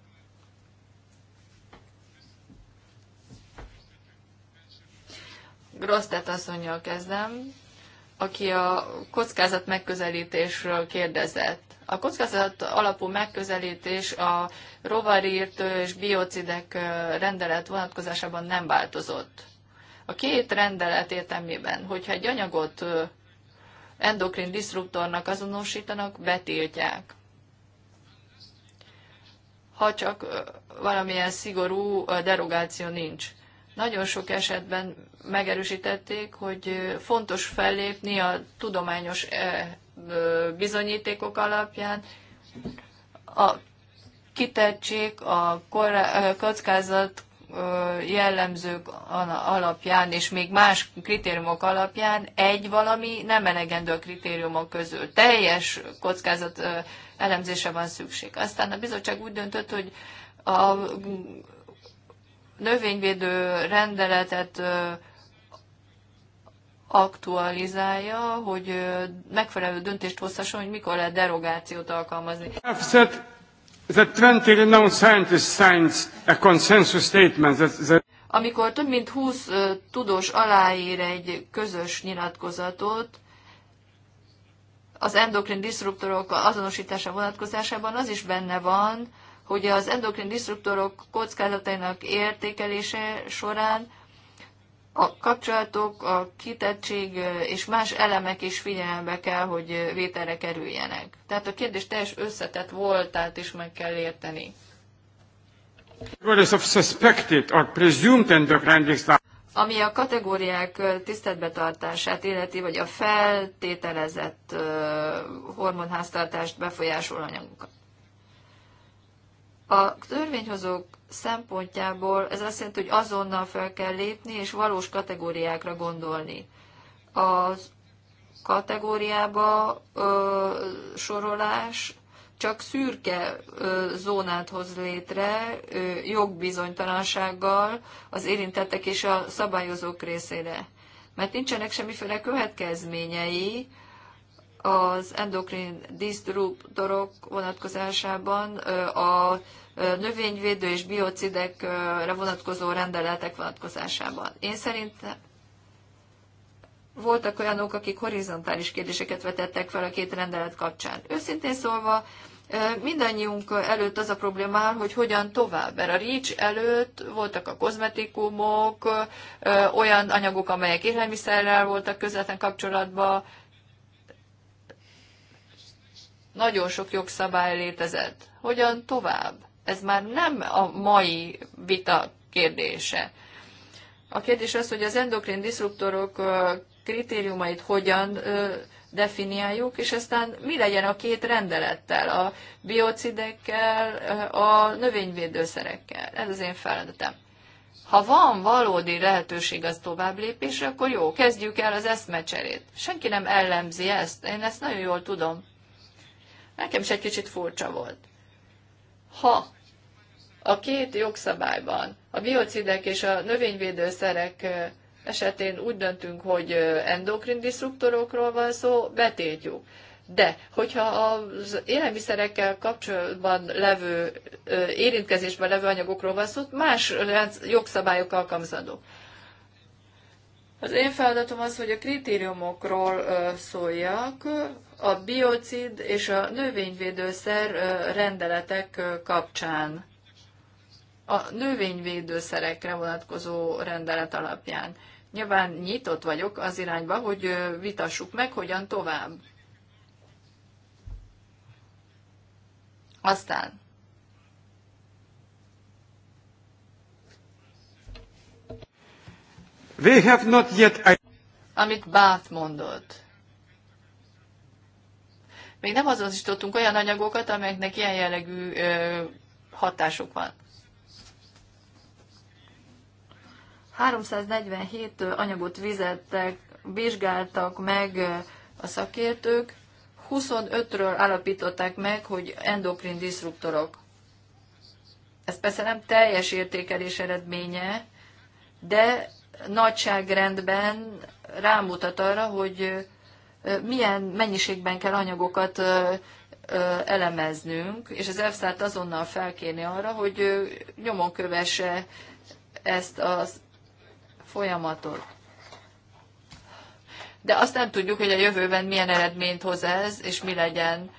S1: Grosztet asszonynal kezdem aki a kockázat megközelítésről kérdezett. A kockázat alapú megközelítés a rovarírt és biocidek rendelet vonatkozásában nem változott. A két rendelet értelmében, hogyha egy anyagot endokrin diszruptornak azonosítanak, betiltják. Ha csak valamilyen szigorú derogáció nincs. Nagyon sok esetben megerősítették, hogy fontos fellépni a tudományos eh, bizonyítékok alapján. A kitettség a kockázat jellemzők alapján és még más kritériumok alapján egy valami nem elegendő a kritériumok közül. Teljes kockázat elemzése van szükség. Aztán a bizottság úgy döntött, hogy a növényvédő rendeletet aktualizálja, hogy megfelelő döntést hozhasson, hogy mikor lehet derogációt alkalmazni. 20 amikor több mint 20 tudós aláír egy közös nyilatkozatot, az endokrin diszruptorok azonosítása vonatkozásában az is benne van, hogy az endokrin disruptorok kockázatainak értékelése során a kapcsolatok, a kitettség és más elemek is figyelembe kell, hogy vételre kerüljenek. Tehát a kérdés teljes összetett voltát is meg kell érteni. Ami a kategóriák tiszteletbetartását illeti, vagy a feltételezett hormonháztartást befolyásoló anyagokat. A törvényhozók szempontjából ez azt jelenti, hogy azonnal fel kell lépni és valós kategóriákra gondolni. A kategóriába ö, sorolás csak szürke ö, zónát hoz létre ö, jogbizonytalansággal az érintettek és a szabályozók részére. Mert nincsenek semmiféle következményei az endokrin diszruptorok vonatkozásában a növényvédő és biocidekre vonatkozó rendeletek vonatkozásában. Én szerintem voltak olyanok, akik horizontális kérdéseket vetettek fel a két rendelet kapcsán. Őszintén szólva, mindannyiunk előtt az a probléma áll, hogy hogyan tovább. Mert a rics előtt voltak a kozmetikumok, olyan anyagok, amelyek élelmiszerrel voltak közvetlen kapcsolatban, nagyon sok jogszabály létezett. Hogyan tovább? Ez már nem a mai vita kérdése. A kérdés az, hogy az endokrin diszruptorok kritériumait hogyan definiáljuk, és aztán mi legyen a két rendelettel, a biocidekkel, a növényvédőszerekkel. Ez az én feladatom. Ha van valódi lehetőség az tovább lépésre, akkor jó, kezdjük el az eszmecserét. Senki nem ellenzi ezt, én ezt nagyon jól tudom. Nekem is egy kicsit furcsa volt. Ha a két jogszabályban, a biocidek és a növényvédőszerek esetén úgy döntünk, hogy endokrin diszruptorokról van szó, betiltjuk. De, hogyha az élelmiszerekkel kapcsolatban levő, érintkezésben levő anyagokról van szó, más jogszabályok alkalmazandók. Az én feladatom az, hogy a kritériumokról szóljak, a biocid és a növényvédőszer rendeletek kapcsán, a növényvédőszerekre vonatkozó rendelet alapján. Nyilván nyitott vagyok az irányba, hogy vitassuk meg, hogyan tovább. Aztán We have not yet... Amit Bát mondott. Még nem azonosítottunk olyan anyagokat, amelyeknek ilyen jellegű ö, hatásuk van. 347 anyagot vizettek, vizsgáltak meg a szakértők, 25-ről állapították meg, hogy endokrin diszruptorok. Ez persze nem teljes értékelés eredménye, de nagyságrendben rámutat arra, hogy milyen mennyiségben kell anyagokat elemeznünk, és az EFSA-t azonnal felkérni arra, hogy nyomon kövesse ezt a folyamatot. De azt nem tudjuk, hogy a jövőben milyen eredményt hoz ez, és mi legyen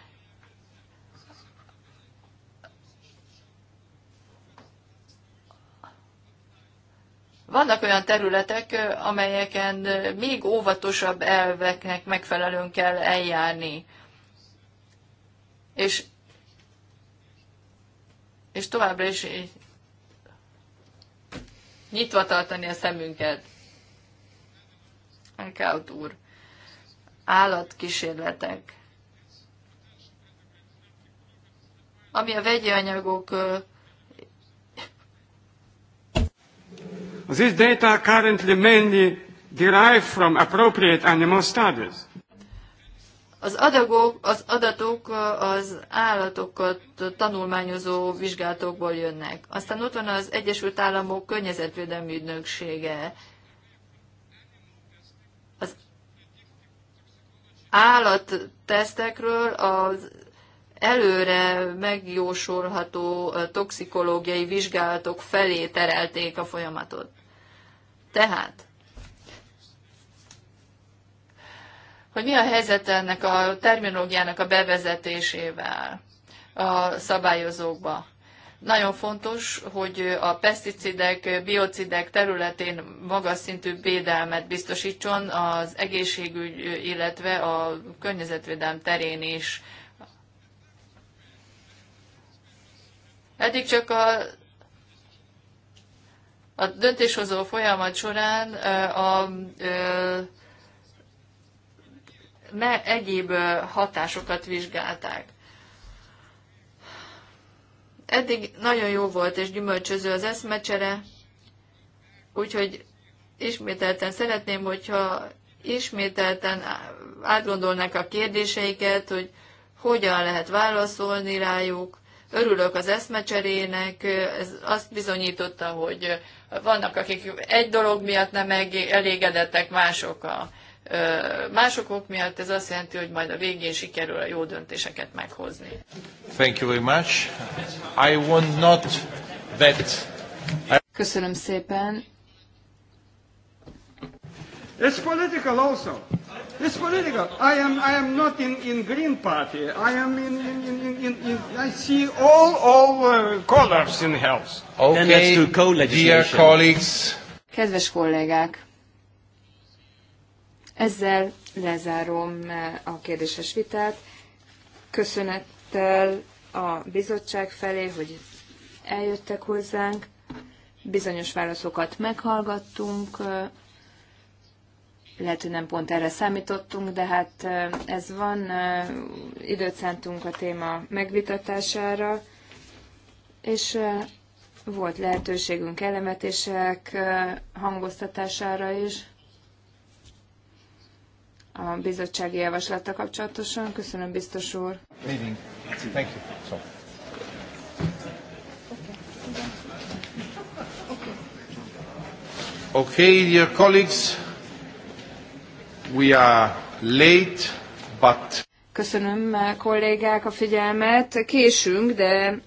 S1: Vannak olyan területek, amelyeken még óvatosabb elveknek megfelelően kell eljárni. És, és továbbra is nyitva tartani a szemünket. Enkáut úr. Állatkísérletek. Ami a vegyi anyagok These data are currently mainly derived from appropriate
S3: animal studies.
S1: Az, adagok, az adatok az állatokat tanulmányozó vizsgálatokból jönnek. Aztán ott van az Egyesült Államok Környezetvédelmi Ügynöksége. Az állattesztekről az előre megjósolható toxikológiai vizsgálatok felé terelték a folyamatot. Tehát, hogy mi a helyzet ennek a terminológiának a bevezetésével a szabályozókba? Nagyon fontos, hogy a peszticidek, biocidek területén magas szintű védelmet biztosítson az egészségügy, illetve a környezetvédelem terén is Eddig csak a, a döntéshozó folyamat során a, a me egyéb hatásokat vizsgálták. Eddig nagyon jó volt és gyümölcsöző az eszmecsere, úgyhogy ismételten szeretném, hogyha ismételten átgondolnák a kérdéseiket, hogy hogyan lehet válaszolni rájuk, Örülök az eszmecserének, ez azt bizonyította, hogy vannak, akik egy dolog miatt nem elégedettek, mások a másokok miatt, ez azt jelenti, hogy majd a végén sikerül a jó döntéseket meghozni.
S2: Thank you very much. I want not that... I... Köszönöm szépen. It's political also.
S1: It's political. I am, I am not in, in Green Party. I am in, in, in, in, in in I see all, all uh, colors
S2: in health.
S3: Okay, then co dear colleagues.
S2: Kedves kollégák, ezzel lezárom uh, a kérdéses vitát. Köszönettel a bizottság felé, hogy eljöttek hozzánk. Bizonyos válaszokat meghallgattunk. Uh, lehet, hogy nem pont erre számítottunk, de hát ez van, időt szántunk a téma megvitatására, és volt lehetőségünk elemetések hangoztatására is a bizottsági javaslata kapcsolatosan. Köszönöm, biztos úr. Meeting.
S1: Thank you. So. Okay, dear colleagues. We are late, but...
S2: Köszönöm kollégák a figyelmet. Késünk, de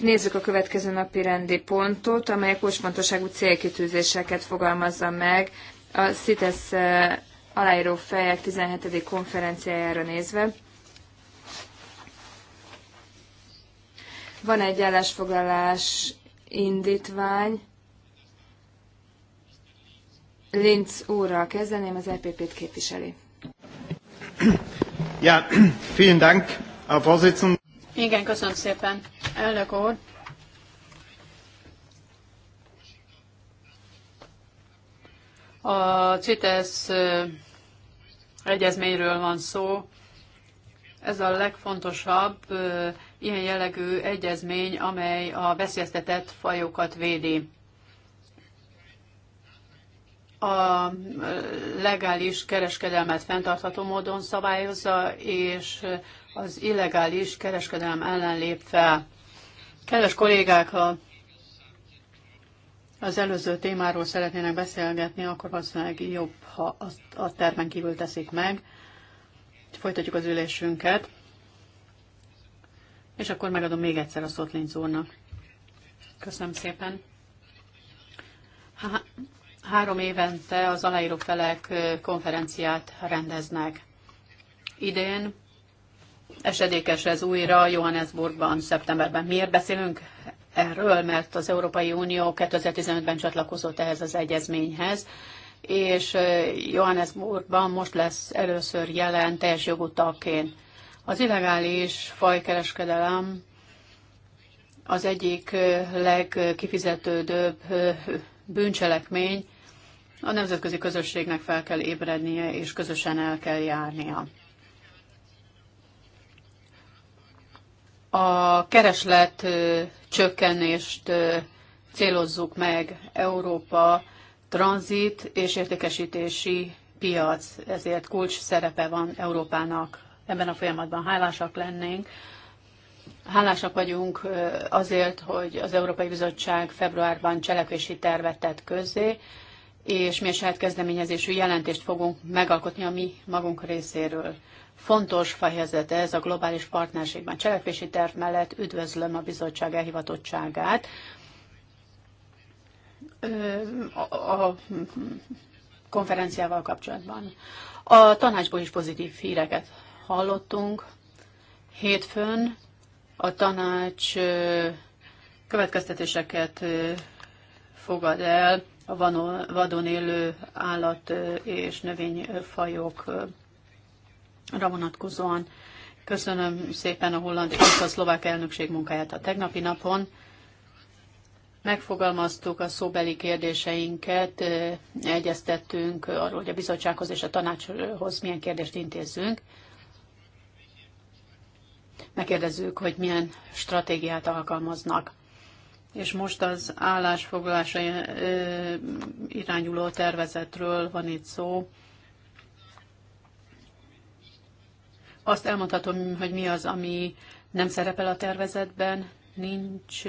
S2: nézzük a következő napi rendi pontot, amely kulcsfontosságú célkitűzéseket fogalmazza meg a CITES eh, aláíró fejek 17. konferenciájára nézve. Van egy állásfoglalás indítvány, Linz úrral kezdeném, az EPP-t képviseli. Ja, vielen Dank,
S3: Igen, köszönöm szépen. Elnök úr, A CITES egyezményről van szó. Ez a legfontosabb ilyen jellegű egyezmény, amely a veszélyeztetett fajokat védi a legális kereskedelmet fenntartható módon szabályozza, és az illegális kereskedelem ellen lép fel. Kedves kollégák, ha az előző témáról szeretnének beszélgetni, akkor valószínűleg jobb, ha azt a termen kívül teszik meg. Folytatjuk az ülésünket. És akkor megadom még egyszer a szót úrnak. Köszönöm szépen. Ha-ha három évente az aláíró felek konferenciát rendeznek. Idén esedékes ez újra Johannesburgban, szeptemberben. Miért beszélünk erről? Mert az Európai Unió 2015-ben csatlakozott ehhez az egyezményhez, és Johannesburgban most lesz először jelen teljes jogú tagként. Az illegális fajkereskedelem az egyik legkifizetődőbb bűncselekmény, a nemzetközi közösségnek fel kell ébrednie, és közösen el kell járnia. A kereslet csökkenést célozzuk meg Európa tranzit és értékesítési piac, ezért kulcs szerepe van Európának ebben a folyamatban. Hálásak lennénk. Hálásak vagyunk azért, hogy az Európai Bizottság februárban cselekvési tervet tett közzé, és mi a saját kezdeményezésű jelentést fogunk megalkotni a mi magunk részéről. Fontos fejezet ez a globális partnerségben. Cselekvési terv mellett üdvözlöm a bizottság elhivatottságát. A konferenciával kapcsolatban. A tanácsból is pozitív híreket hallottunk. Hétfőn a tanács következtetéseket fogad el vadon élő állat és növényfajokra vonatkozóan. Köszönöm szépen a holland és a szlovák elnökség munkáját a tegnapi napon. Megfogalmaztuk a szóbeli kérdéseinket, egyeztettünk arról, hogy a bizottsághoz és a tanácshoz milyen kérdést intézzünk. Megkérdezzük, hogy milyen stratégiát alkalmaznak. És most az állásfoglalása irányuló tervezetről van itt szó. Azt elmondhatom, hogy mi az, ami nem szerepel a tervezetben, nincs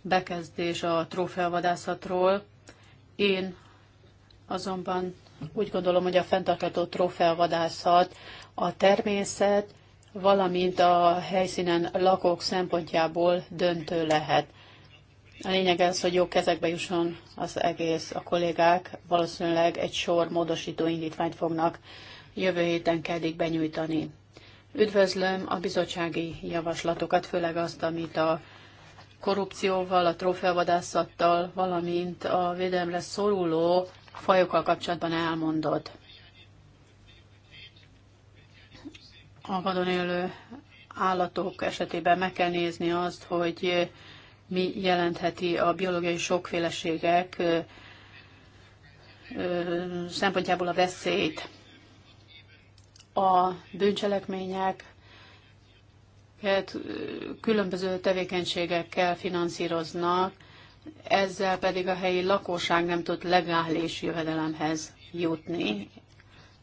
S3: bekezdés a trófeavadászatról. Én azonban úgy gondolom, hogy a fenntartható trófeavadászat a természet, valamint a helyszínen lakók szempontjából döntő lehet. A lényeg az, hogy jó kezekbe jusson az egész. A kollégák valószínűleg egy sor módosító indítványt fognak jövő héten keddig benyújtani. Üdvözlöm a bizottsági javaslatokat, főleg azt, amit a korrupcióval, a trófeavadászattal, valamint a védelemre szoruló fajokkal kapcsolatban elmondott. A vadon élő állatok esetében meg kell nézni azt, hogy mi jelentheti a biológiai sokféleségek szempontjából a veszélyt. A bűncselekmények hát, különböző tevékenységekkel finanszíroznak, ezzel pedig a helyi lakosság nem tud legális jövedelemhez jutni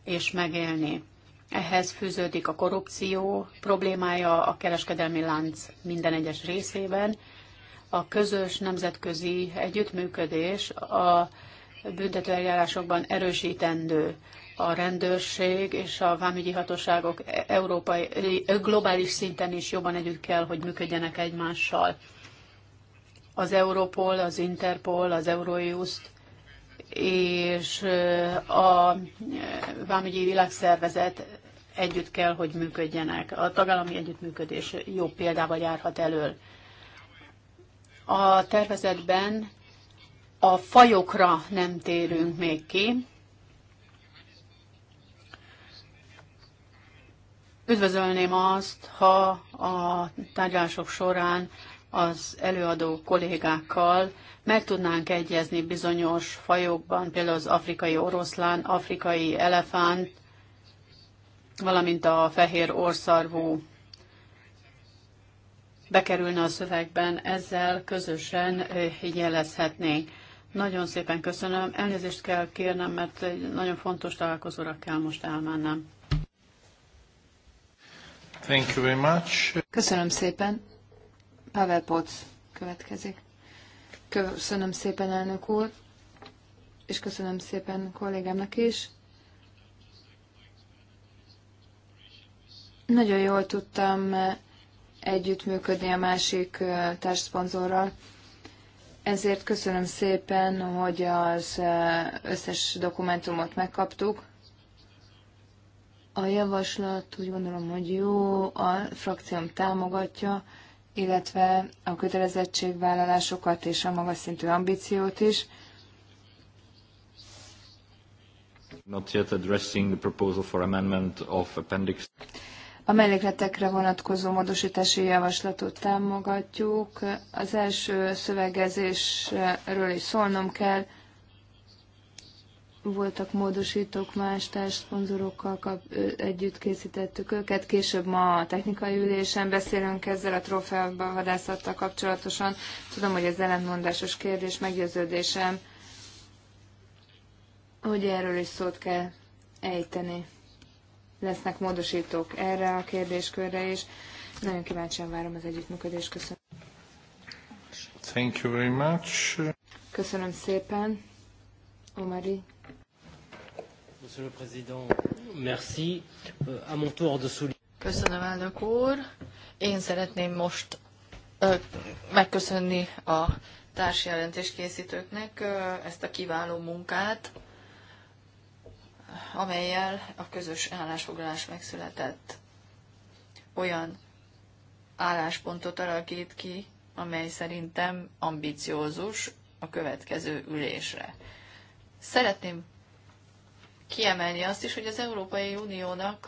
S3: és megélni. Ehhez fűződik a korrupció problémája a kereskedelmi lánc minden egyes részében, a közös nemzetközi együttműködés a büntetőeljárásokban erősítendő a rendőrség és a vámügyi hatóságok európai, globális szinten is jobban együtt kell, hogy működjenek egymással. Az Europol, az Interpol, az Eurojust és a vámügyi világszervezet együtt kell, hogy működjenek. A tagállami együttműködés jó példával járhat elől. A tervezetben a fajokra nem térünk még ki. Üdvözölném azt, ha a tárgyalások során az előadó kollégákkal meg tudnánk egyezni bizonyos fajokban, például az afrikai oroszlán, afrikai elefánt, valamint a fehér orszarvú bekerülne a szövegben, ezzel közösen jelezhetnénk. Nagyon szépen köszönöm. Elnézést kell kérnem, mert egy nagyon fontos találkozóra kell most elmennem.
S1: Thank you very much.
S2: Köszönöm szépen. Pavel Poc következik. Köszönöm szépen, elnök úr, és köszönöm szépen kollégámnak is. Nagyon jól tudtam együttműködni a másik társszponzorral. Ezért köszönöm szépen, hogy az összes dokumentumot megkaptuk. A javaslat úgy gondolom, hogy jó, a frakcióm támogatja, illetve a kötelezettségvállalásokat és a magas szintű ambíciót is.
S1: Not yet addressing the proposal for amendment of appendix.
S2: A mellékletekre vonatkozó módosítási javaslatot támogatjuk. Az első szövegezésről is szólnom kell. Voltak módosítók, más társzponzorokkal együtt készítettük őket. Később ma a technikai ülésen beszélünk ezzel a trófeában vadászattal kapcsolatosan. Tudom, hogy ez ellentmondásos kérdés, meggyőződésem, hogy erről is szót kell ejteni lesznek módosítók erre a kérdéskörre, és nagyon kíváncsian várom az együttműködést. Köszönöm.
S1: Thank you very much.
S2: Köszönöm szépen. Omari. Monsieur le Président, merci. Euh, à mon tour de souligner.
S1: Köszönöm, elnök úr. Én szeretném most ö, megköszönni a társjelentés készítőknek ezt a kiváló munkát amelyel a közös állásfoglalás megszületett. Olyan álláspontot alakít ki, amely szerintem ambiciózus a következő ülésre. Szeretném kiemelni azt is, hogy az Európai Uniónak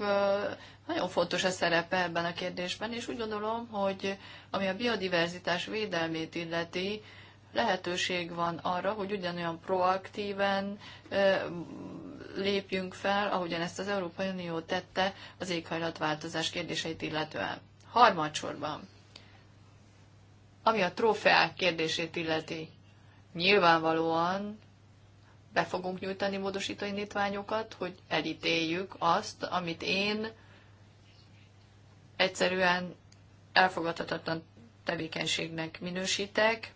S1: nagyon fontos a szerepe ebben a kérdésben, és úgy gondolom, hogy ami a biodiverzitás védelmét illeti, lehetőség van arra, hogy ugyanolyan proaktíven lépjünk fel, ahogyan ezt az Európai Unió tette az éghajlatváltozás kérdéseit illetően. Harmadsorban, ami a trófeák kérdését illeti, nyilvánvalóan be fogunk nyújtani módosító indítványokat, hogy elítéljük azt, amit én egyszerűen elfogadhatatlan tevékenységnek minősítek,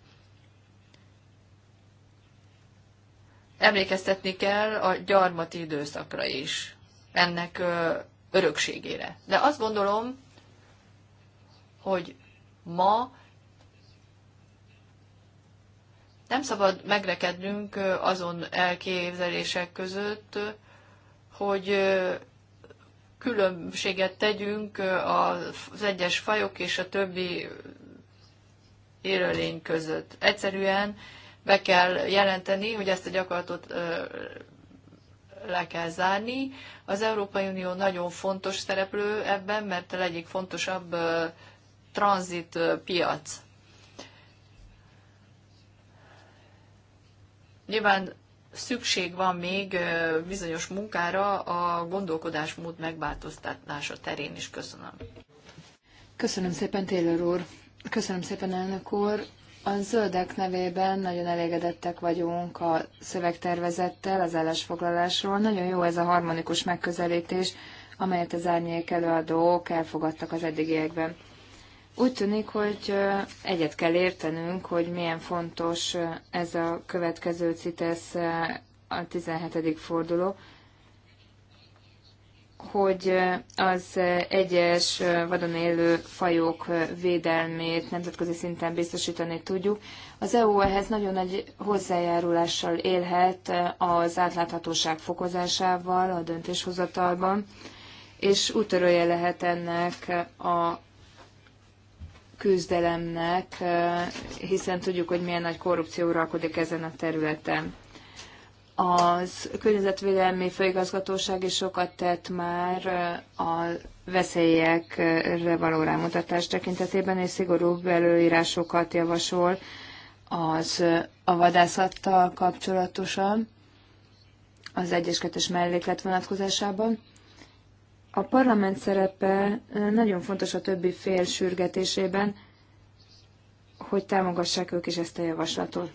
S1: emlékeztetni kell a gyarmati időszakra is, ennek örökségére. De azt gondolom, hogy ma nem szabad megrekednünk azon elképzelések között, hogy különbséget tegyünk az egyes fajok és a többi élőlény között. Egyszerűen be kell jelenteni, hogy ezt a gyakorlatot le kell zárni. Az Európai Unió nagyon fontos szereplő ebben, mert a egyik fontosabb tranzit piac. Nyilván szükség van még bizonyos munkára a gondolkodásmód megváltoztatása terén is. Köszönöm.
S2: Köszönöm szépen, Taylor úr. Köszönöm szépen, elnök úr. A zöldek nevében nagyon elégedettek vagyunk a szövegtervezettel, az állásfoglalásról. Nagyon jó ez a harmonikus megközelítés, amelyet az árnyék előadók elfogadtak az eddigiekben. Úgy tűnik, hogy egyet kell értenünk, hogy milyen fontos ez a következő CITES a 17. forduló hogy az egyes vadon élő fajok védelmét nemzetközi szinten biztosítani tudjuk. Az EU ehhez nagyon nagy hozzájárulással élhet az átláthatóság fokozásával a döntéshozatalban, és útörője lehet ennek a küzdelemnek, hiszen tudjuk, hogy milyen nagy korrupció uralkodik ezen a területen. Az környezetvédelmi főigazgatóság is sokat tett már a veszélyekre való rámutatás tekintetében, és szigorúbb előírásokat javasol az a vadászattal kapcsolatosan az egyes 2 melléklet vonatkozásában. A parlament szerepe nagyon fontos a többi fél sürgetésében, hogy támogassák ők is ezt a javaslatot.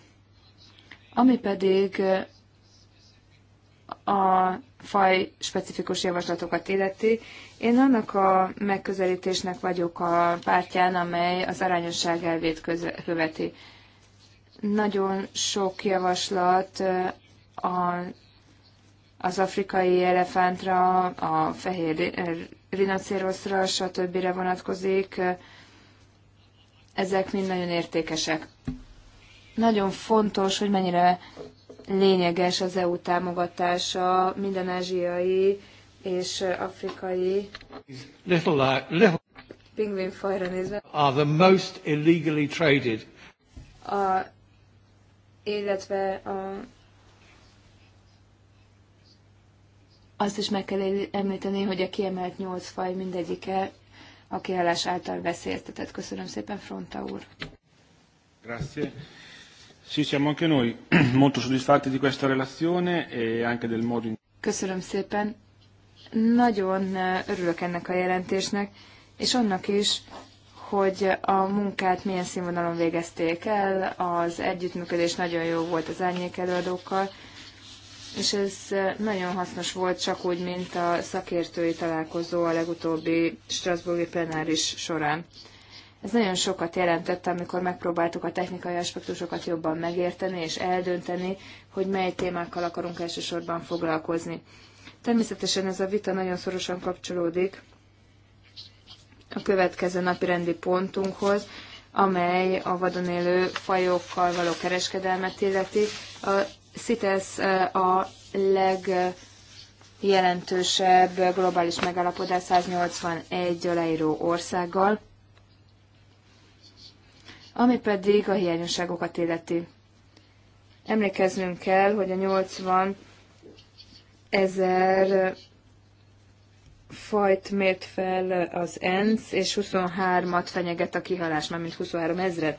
S2: Ami pedig a faj specifikus javaslatokat illeti. Én annak a megközelítésnek vagyok a pártján, amely az arányosság elvét követi. Nagyon sok javaslat a, az afrikai elefántra, a fehér rinocéroszra, stb. vonatkozik. Ezek mind nagyon értékesek. Nagyon fontos, hogy mennyire lényeges az EU támogatása minden ázsiai és afrikai pingvinfajra nézve. Are the most illegally traded. A, illetve a, azt is meg kell említeni, hogy a kiemelt nyolc faj mindegyike a kiállás által veszélyeztetett. Köszönöm szépen, Fronta úr.
S1: Grazie. Sì, siamo anche noi [CLEARS THROAT] molto soddisfatti di questa relazione e anche del modo in...
S2: Köszönöm szépen. Nagyon eh, örülök ennek a jelentésnek, és annak is, hogy a munkát milyen színvonalon végezték el, az együttműködés nagyon jó volt az árnyék előadókkal, és ez eh, nagyon hasznos volt, csak úgy, mint a szakértői találkozó a legutóbbi Strasburgi plenáris során. Ez nagyon sokat jelentett, amikor megpróbáltuk a technikai aspektusokat jobban megérteni és eldönteni, hogy mely témákkal akarunk elsősorban foglalkozni. Természetesen ez a vita nagyon szorosan kapcsolódik a következő napi rendi pontunkhoz, amely a vadon élő fajokkal való kereskedelmet illeti. A CITES a legjelentősebb globális megállapodás 181 aláíró országgal ami pedig a hiányosságokat illeti. Emlékeznünk kell, hogy a 80 ezer fajt mért fel az ENSZ, és 23-at fenyeget a kihalás, már mint 23 ezret.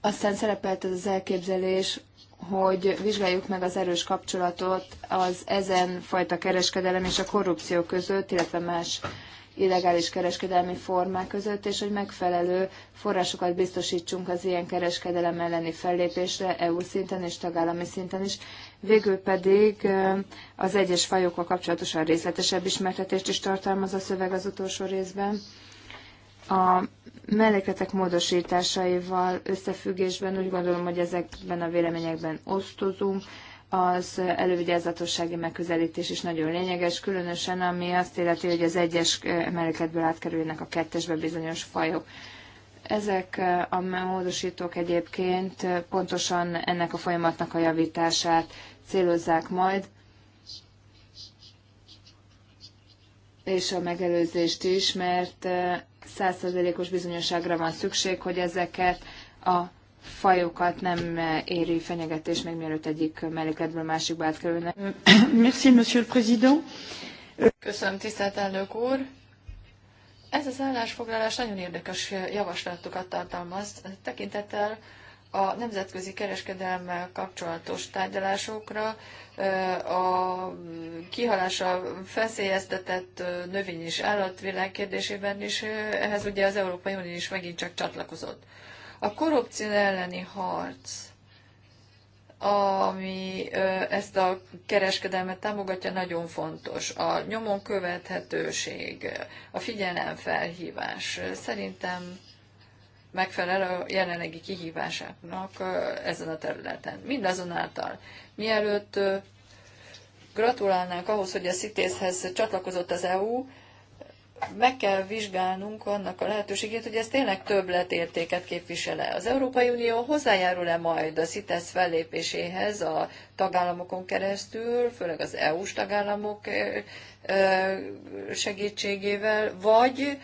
S2: Aztán szerepelt ez az elképzelés, hogy vizsgáljuk meg az erős kapcsolatot az ezen fajta kereskedelem és a korrupció között, illetve más illegális kereskedelmi formák között, és hogy megfelelő forrásokat biztosítsunk az ilyen kereskedelem elleni fellépésre EU szinten és tagállami szinten is. Végül pedig az egyes fajokkal kapcsolatosan részletesebb ismertetést is tartalmaz a szöveg az utolsó részben. A mellékletek módosításaival összefüggésben úgy gondolom, hogy ezekben a véleményekben osztozunk az elővigyázatossági megközelítés is nagyon lényeges, különösen ami azt illeti, hogy az egyes emeleketből átkerülnek a kettesbe bizonyos fajok. Ezek a módosítók egyébként pontosan ennek a folyamatnak a javítását célozzák majd, és a megelőzést is, mert százszerzelékos bizonyosságra van szükség, hogy ezeket a fajokat nem éri fenyegetés, még mielőtt egyik mellékletből másikba
S3: átkerülne. [COUGHS] Merci, monsieur le président.
S1: Köszönöm, tisztelt elnök úr. Ez az állásfoglalás nagyon érdekes javaslatokat tartalmaz, tekintettel a nemzetközi kereskedelmmel kapcsolatos tárgyalásokra, a kihalása feszélyeztetett növény és állatvilág kérdésében is, ehhez ugye az Európai Unió is megint csak csatlakozott. A korrupció elleni harc, ami ezt a kereskedelmet támogatja, nagyon fontos. A nyomon követhetőség, a figyelemfelhívás szerintem megfelel a jelenlegi kihívásáknak ezen a területen. Mindazonáltal, mielőtt gratulálnánk ahhoz, hogy a CITES-hez csatlakozott az EU, meg kell vizsgálnunk annak a lehetőségét, hogy ez tényleg többletértéket képvisele. Az Európai Unió hozzájárul-e majd a CITES fellépéséhez a tagállamokon keresztül, főleg az EU-s tagállamok segítségével, vagy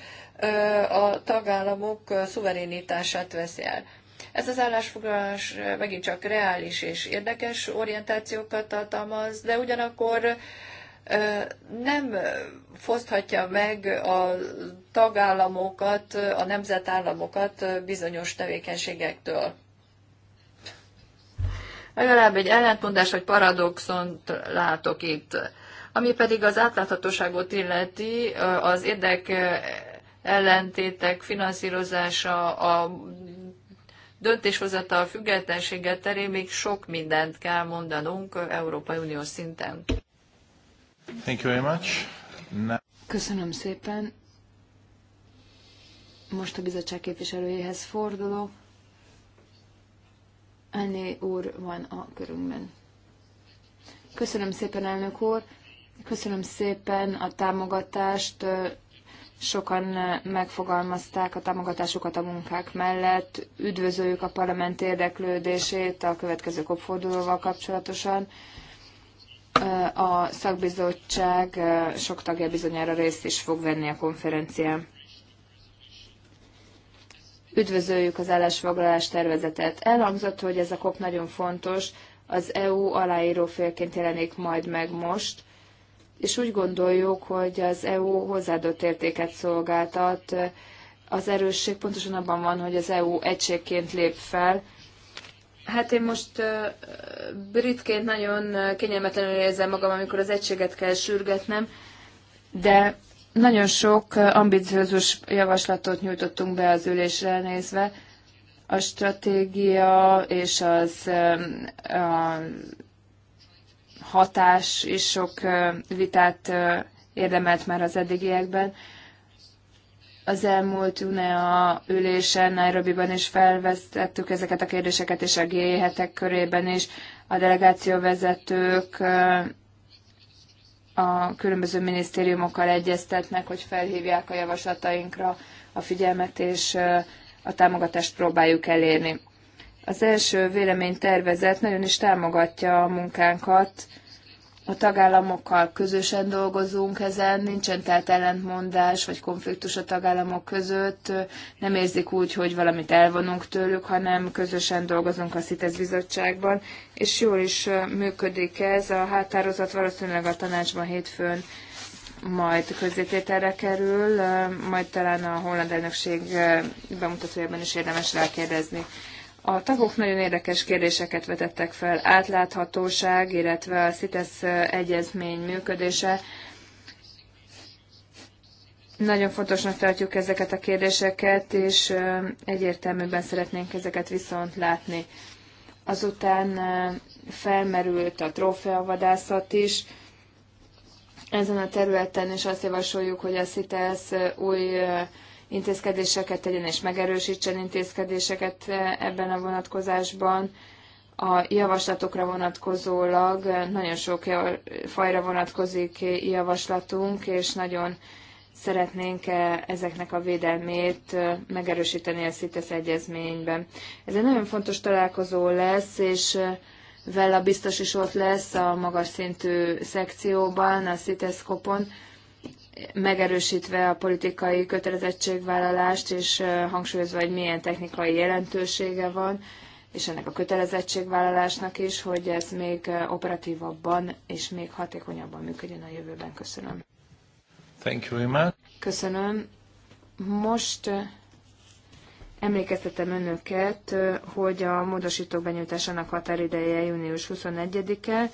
S1: a tagállamok szuverénitását veszi el. Ez az állásfoglalás megint csak reális és érdekes orientációkat tartalmaz, de ugyanakkor nem foszthatja meg a tagállamokat, a nemzetállamokat bizonyos tevékenységektől. Legalább egy ellentmondás vagy paradoxont látok itt. Ami pedig az átláthatóságot illeti, az érdek ellentétek finanszírozása, a döntéshozatal függetlensége terén még sok mindent kell mondanunk Európai
S2: Unió szinten.
S1: Thank you very much.
S2: Köszönöm szépen. Most a bizottság képviselőjéhez fordulok. Enné úr van a körünkben. Köszönöm szépen, elnök úr. Köszönöm szépen a támogatást. Sokan megfogalmazták a támogatásukat a munkák mellett. Üdvözöljük a parlament érdeklődését a következő kopfordulóval kapcsolatosan. A szakbizottság sok tagja bizonyára részt is fog venni a konferencián. Üdvözöljük az állásfoglalás tervezetet. Elhangzott, hogy ez a kop nagyon fontos, az EU aláíró félként jelenik majd meg most, és úgy gondoljuk, hogy az EU hozzáadott értéket szolgáltat. Az erősség pontosan abban van, hogy az EU egységként lép fel, Hát én most britként nagyon kényelmetlenül érzem magam, amikor az egységet kell sürgetnem, de nagyon sok ambiciózus javaslatot nyújtottunk be az ülésre nézve. A stratégia és az a hatás is sok vitát érdemelt már az eddigiekben az elmúlt UNEA ülésen Nairobiban is felvesztettük ezeket a kérdéseket, és a g körében is a delegációvezetők a különböző minisztériumokkal egyeztetnek, hogy felhívják a javaslatainkra a figyelmet, és a támogatást próbáljuk elérni. Az első véleménytervezet nagyon is támogatja a munkánkat, a tagállamokkal közösen dolgozunk ezen, nincsen tehát ellentmondás vagy konfliktus a tagállamok között, nem érzik úgy, hogy valamit elvonunk tőlük, hanem közösen dolgozunk a CITES bizottságban, és jól is működik ez, a határozat valószínűleg a tanácsban hétfőn majd közzétételre kerül, majd talán a holland elnökség bemutatójában is érdemes rákérdezni. A tagok nagyon érdekes kérdéseket vetettek fel, átláthatóság, illetve a CITES egyezmény működése. Nagyon fontosnak tartjuk ezeket a kérdéseket, és egyértelműben szeretnénk ezeket viszont látni. Azután felmerült a trófeavadászat is. Ezen a területen is azt javasoljuk, hogy a CITES új intézkedéseket tegyen és megerősítsen intézkedéseket eh, ebben a vonatkozásban. A javaslatokra vonatkozólag nagyon sok fajra vonatkozik javaslatunk, és nagyon szeretnénk eh, ezeknek a védelmét eh, megerősíteni a CITES egyezményben. Ez egy nagyon fontos találkozó lesz, és Vella biztos is ott lesz a magas szintű szekcióban, a CITES kopon, megerősítve a politikai kötelezettségvállalást, és hangsúlyozva, hogy milyen technikai jelentősége van, és ennek a kötelezettségvállalásnak is, hogy ez még operatívabban és még hatékonyabban működjön a jövőben. Köszönöm. Thank you Köszönöm. Most emlékeztetem önöket, hogy a módosítók benyújtásának határideje június 21-e,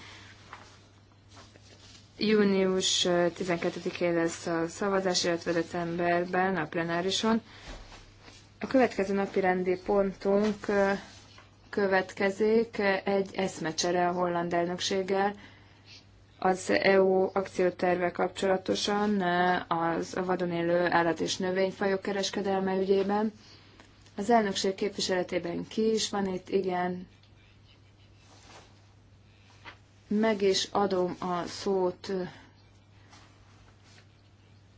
S2: Június 12-én lesz a szavazás, illetve decemberben a plenárison. A következő napi rendi pontunk következik egy eszmecsere a holland elnökséggel az EU akcióterve kapcsolatosan az a vadon élő állat és növényfajok kereskedelme ügyében. Az elnökség képviseletében ki is van itt, igen, meg is adom a szót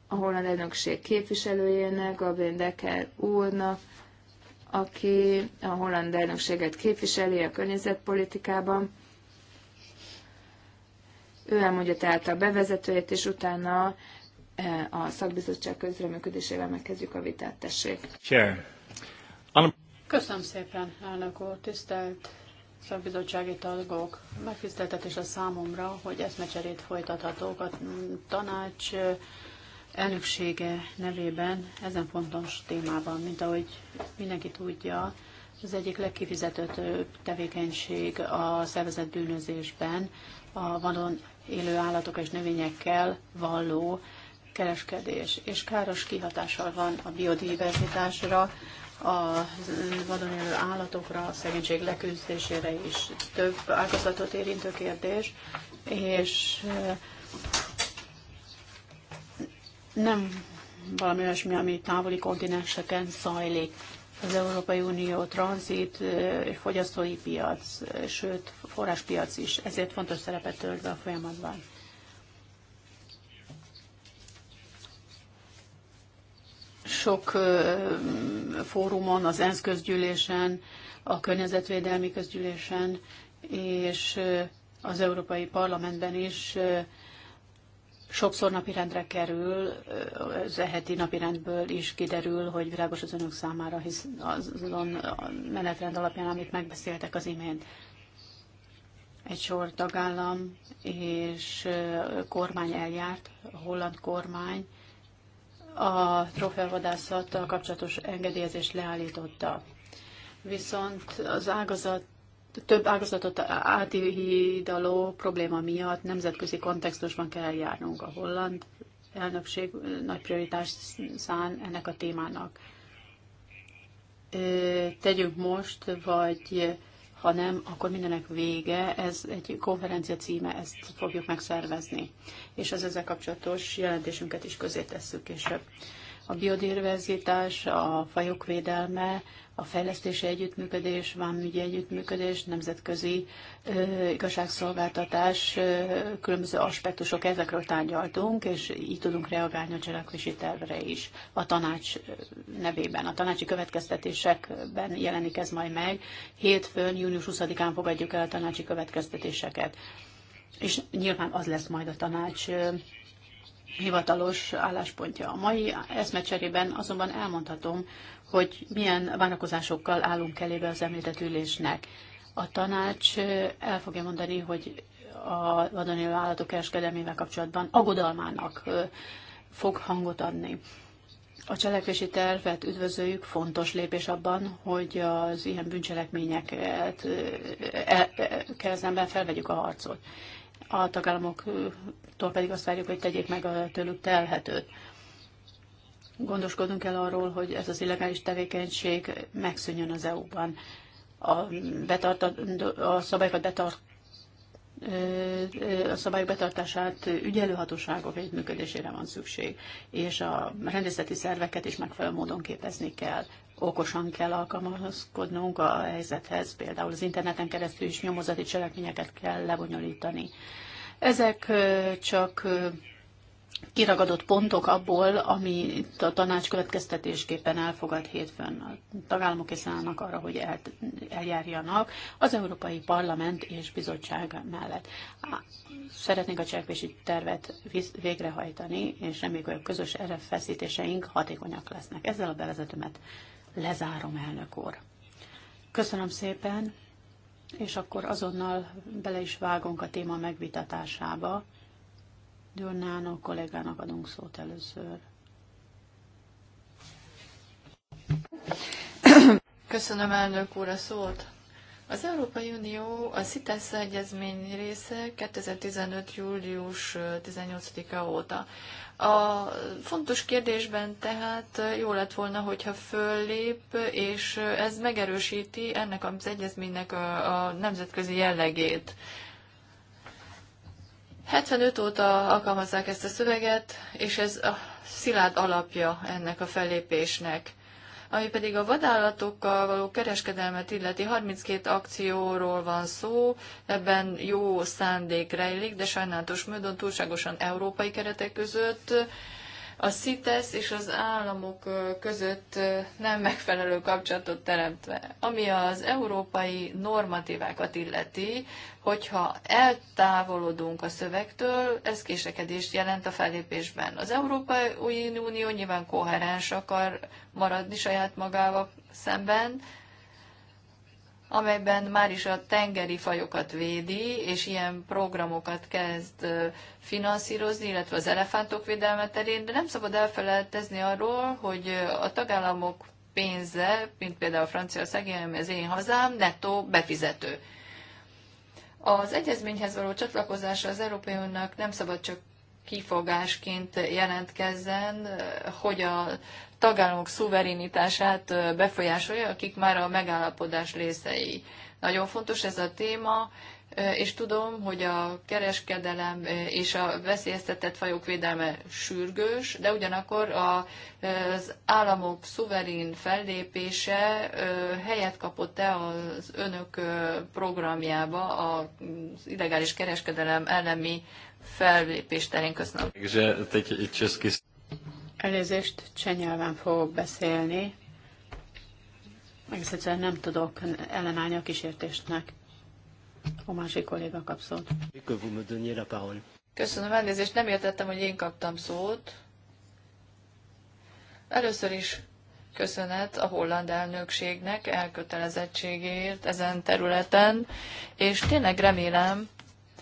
S2: a holland elnökség képviselőjének, Gabriel Decker úrnak, aki a holland elnökséget képviseli a környezetpolitikában. Ő elmondja tehát a bevezetőjét, és utána a szakbizottság közreműködésével megkezdjük a vitát. Tessék!
S3: Köszönöm szépen, elnök úr, tisztelt szakbizottsági tagok megtiszteltetés a számomra, hogy eszmecserét folytathatok a tanács elnöksége nevében ezen fontos témában, mint ahogy mindenki tudja, az egyik legkifizetőbb tevékenység a szervezett bűnözésben a vadon élő állatok és növényekkel való kereskedés, és káros kihatással van a biodiverzitásra, a vadon élő állatokra, a szegénység leküzdésére is több ágazatot érintő kérdés, és eh, nem valami olyasmi, ami távoli kontinenseken zajlik. Az Európai Unió tranzit, eh, fogyasztói piac, eh, sőt forráspiac is, ezért fontos szerepet tölt be a folyamatban. Sok fórumon, az ENSZ közgyűlésen, a környezetvédelmi közgyűlésen és az Európai Parlamentben is sokszor napirendre kerül, az e heti napirendből is kiderül, hogy világos az önök számára, hisz azon a menetrend alapján, amit megbeszéltek az imént. Egy sor tagállam és kormány eljárt, a holland kormány a trófeavadászattal kapcsolatos engedélyezést leállította. Viszont az ágazat több ágazatot átihidaló probléma miatt nemzetközi kontextusban kell eljárnunk. A holland elnökség nagy prioritást szán ennek a témának. Tegyünk most, vagy hanem akkor mindenek vége, ez egy konferencia címe, ezt fogjuk megszervezni. És az ezzel kapcsolatos jelentésünket is közé tesszük később a biodiverzitás, a fajok védelme, a fejlesztési együttműködés, vámügyi együttműködés, nemzetközi ö, igazságszolgáltatás, ö, különböző aspektusok, ezekről tárgyaltunk, és így tudunk reagálni a cselekvési tervre is. A tanács nevében, a tanácsi következtetésekben jelenik ez majd meg. Hétfőn, június 20-án fogadjuk el a tanácsi következtetéseket. És nyilván az lesz majd a tanács hivatalos álláspontja. A mai eszmecserében azonban elmondhatom, hogy milyen várakozásokkal állunk elébe az említett ülésnek. A tanács el fogja mondani, hogy a vadonélő állatok kereskedelmével kapcsolatban agodalmának fog hangot adni. A cselekvési tervet üdvözöljük, fontos lépés abban, hogy az ilyen bűncselekményeket e, e, e, kezdemben felvegyük a harcot a tagállamoktól pedig azt várjuk, hogy tegyék meg a tőlük telhetőt. Gondoskodunk el arról, hogy ez az illegális tevékenység megszűnjön az EU-ban. A, betart, a szabályokat betart, a szabályok betartását ügyelő hatóságok együttműködésére van szükség, és a rendészeti szerveket is megfelelő módon képezni kell okosan kell alkalmazkodnunk a helyzethez, például az interneten keresztül is nyomozati cselekményeket kell lebonyolítani. Ezek csak kiragadott pontok abból, amit a tanács következtetésképpen elfogad hétfőn. A tagállamok készen állnak arra, hogy el, eljárjanak az Európai Parlament és Bizottság mellett. Szeretnénk a cselekvési tervet végrehajtani, és reméljük, hogy a közös feszítéseink hatékonyak lesznek. Ezzel a bevezetőmet lezárom, elnök úr. Köszönöm szépen, és akkor azonnal bele is vágunk a téma megvitatásába. Gyurnánó kollégának adunk szót először. Köszönöm elnök úr a
S1: szót. Az Európai Unió a CITES egyezmény része 2015. július 18-a óta. A fontos kérdésben tehát jó lett volna, hogyha föllép, és ez megerősíti ennek az egyezménynek a, a nemzetközi jellegét. 75 óta alkalmazzák ezt a szöveget, és ez a szilárd alapja ennek a fellépésnek. Ami pedig a vadállatokkal való kereskedelmet illeti 32 akcióról van szó, ebben jó szándék rejlik, de sajnálatos módon túlságosan európai keretek között a CITES és az államok között nem megfelelő kapcsolatot teremtve. Ami az európai normatívákat illeti, hogyha eltávolodunk a szövegtől, ez késekedést jelent a fellépésben. Az Európai Unió nyilván koherens akar maradni saját magával szemben, amelyben már is a tengeri fajokat védi, és ilyen programokat kezd finanszírozni, illetve az elefántok védelme terén, de nem szabad elfelejtezni arról, hogy a tagállamok pénze, mint például a francia ami az én hazám, nettó befizető. Az egyezményhez való csatlakozása az Európai Uniónak nem szabad csak kifogásként jelentkezzen, hogy a tagállamok szuverenitását befolyásolja, akik már a megállapodás részei. Nagyon fontos ez a téma, és tudom, hogy a kereskedelem és a veszélyeztetett fajok védelme sürgős, de ugyanakkor az államok szuverén fellépése helyet kapott-e az önök programjába az illegális kereskedelem elleni
S3: fellépés terén? Köszönöm. Elnézést, csenyelven fogok beszélni. Egész egyszerűen nem tudok ellenállni a kísértésnek. A másik kolléga kap szót. Köszönöm, elnézést, nem értettem, hogy én kaptam szót.
S1: Először is köszönet a holland elnökségnek elkötelezettségéért ezen területen, és tényleg remélem,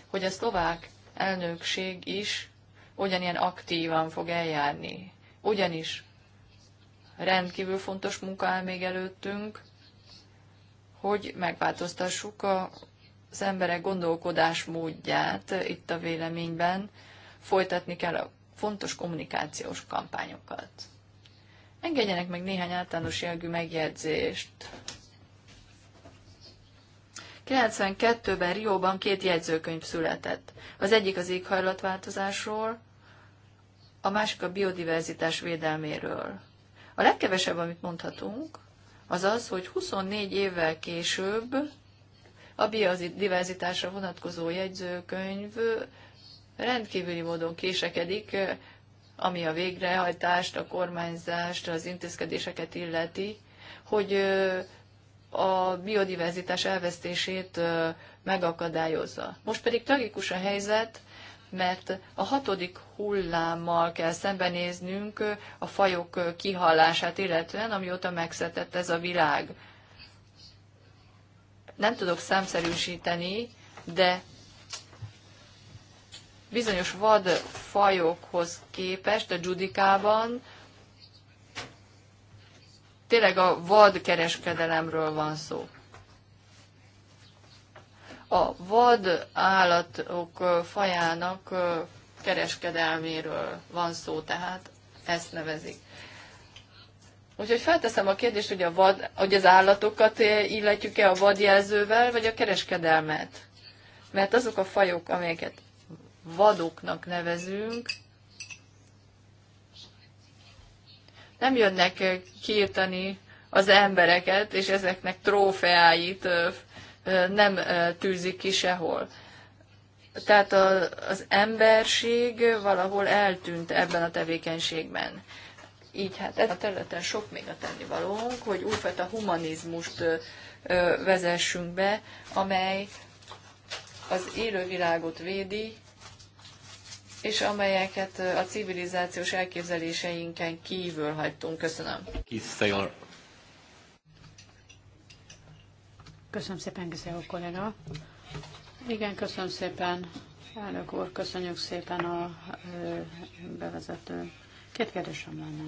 S1: hogy a szlovák elnökség is ugyanilyen aktívan fog eljárni. Ugyanis rendkívül fontos munka áll még előttünk, hogy megváltoztassuk a, az emberek gondolkodásmódját itt a véleményben, folytatni kell a fontos kommunikációs kampányokat. Engedjenek meg néhány általános jelgű megjegyzést. 92-ben Rióban két jegyzőkönyv született. Az egyik az éghajlatváltozásról, a másik a biodiverzitás védelméről. A legkevesebb, amit mondhatunk, az az, hogy 24 évvel később a biodiverzitásra vonatkozó jegyzőkönyv rendkívüli módon késekedik, ami a végrehajtást, a kormányzást, az intézkedéseket illeti, hogy a biodiverzitás elvesztését megakadályozza. Most pedig tragikus a helyzet, mert a hatodik hullámmal kell szembenéznünk a fajok kihalását illetően, amióta megszetett ez a világ. Nem tudok számszerűsíteni, de bizonyos vadfajokhoz képest a Judikában tényleg a vadkereskedelemről van szó a vad állatok fajának kereskedelméről van szó, tehát ezt nevezik. Úgyhogy felteszem a kérdést, hogy, a vad, hogy az állatokat illetjük-e a vadjelzővel, vagy a kereskedelmet. Mert azok a fajok, amelyeket vadoknak nevezünk, nem jönnek kiirtani az embereket, és ezeknek trófeáit nem tűzik ki sehol. Tehát az emberség valahol eltűnt ebben a tevékenységben. Így hát ezen a területen sok még a tennivalónk, hogy újfajta humanizmust vezessünk be, amely az élővilágot védi, és amelyeket a civilizációs elképzeléseinken kívül
S3: hagytunk. Köszönöm. Köszönöm szépen, Gizeo kollega. Igen, köszönöm szépen, elnök úr, köszönjük szépen a bevezető. Két kérdésem lenne.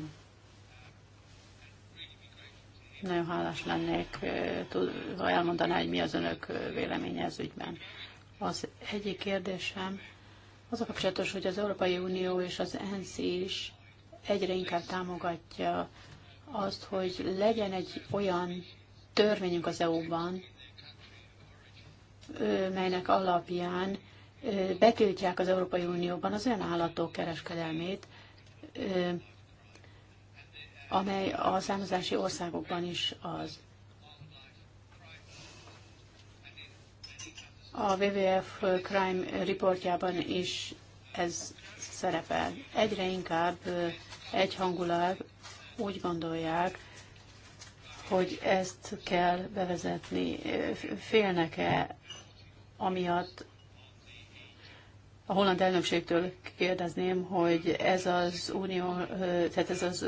S3: Nagyon hálás lennék, ha elmondaná, hogy mi az önök véleménye ez ügyben. Az egyik kérdésem az a kapcsolatos, hogy az Európai Unió és az ENSZ is egyre inkább támogatja azt, hogy legyen egy olyan törvényünk az EU-ban, melynek alapján betiltják az Európai Unióban az olyan állatok kereskedelmét, amely a számozási országokban is az. A WWF Crime reportjában is ez szerepel. Egyre inkább egyhangulag úgy gondolják, hogy ezt kell bevezetni. Félnek-e amiatt a holland elnökségtől kérdezném, hogy ez az unió, tehát ez az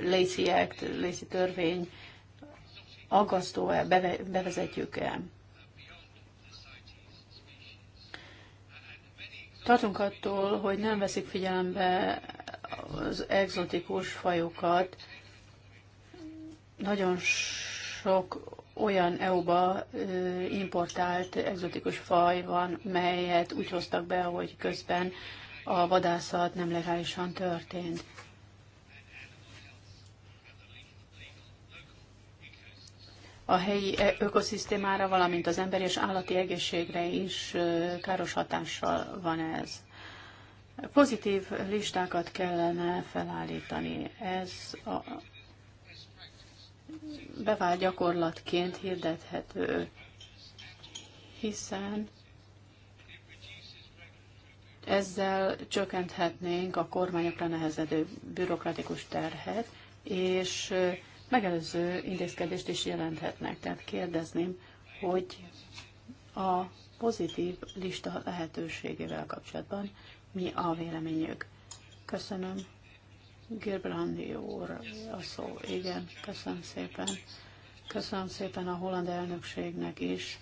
S3: Lacey Act, Lacey törvény aggasztó-e, bevezetjük-e? Tartunk attól, hogy nem veszik figyelembe az egzotikus fajokat. Nagyon sok olyan EU-ba importált egzotikus faj van, melyet úgy hoztak be, hogy közben a vadászat nem legálisan történt. a helyi e- ökoszisztémára, valamint az emberi és állati egészségre is káros hatással van ez. Pozitív listákat kellene felállítani. Ez a, bevált gyakorlatként hirdethető, hiszen ezzel csökkenthetnénk a kormányokra nehezedő bürokratikus terhet, és megelőző intézkedést is jelenthetnek. Tehát kérdezném, hogy a pozitív lista lehetőségével kapcsolatban mi a véleményük. Köszönöm. Gerbrandi úr a szó. Igen, köszönöm szépen. Köszönöm szépen a holland elnökségnek is,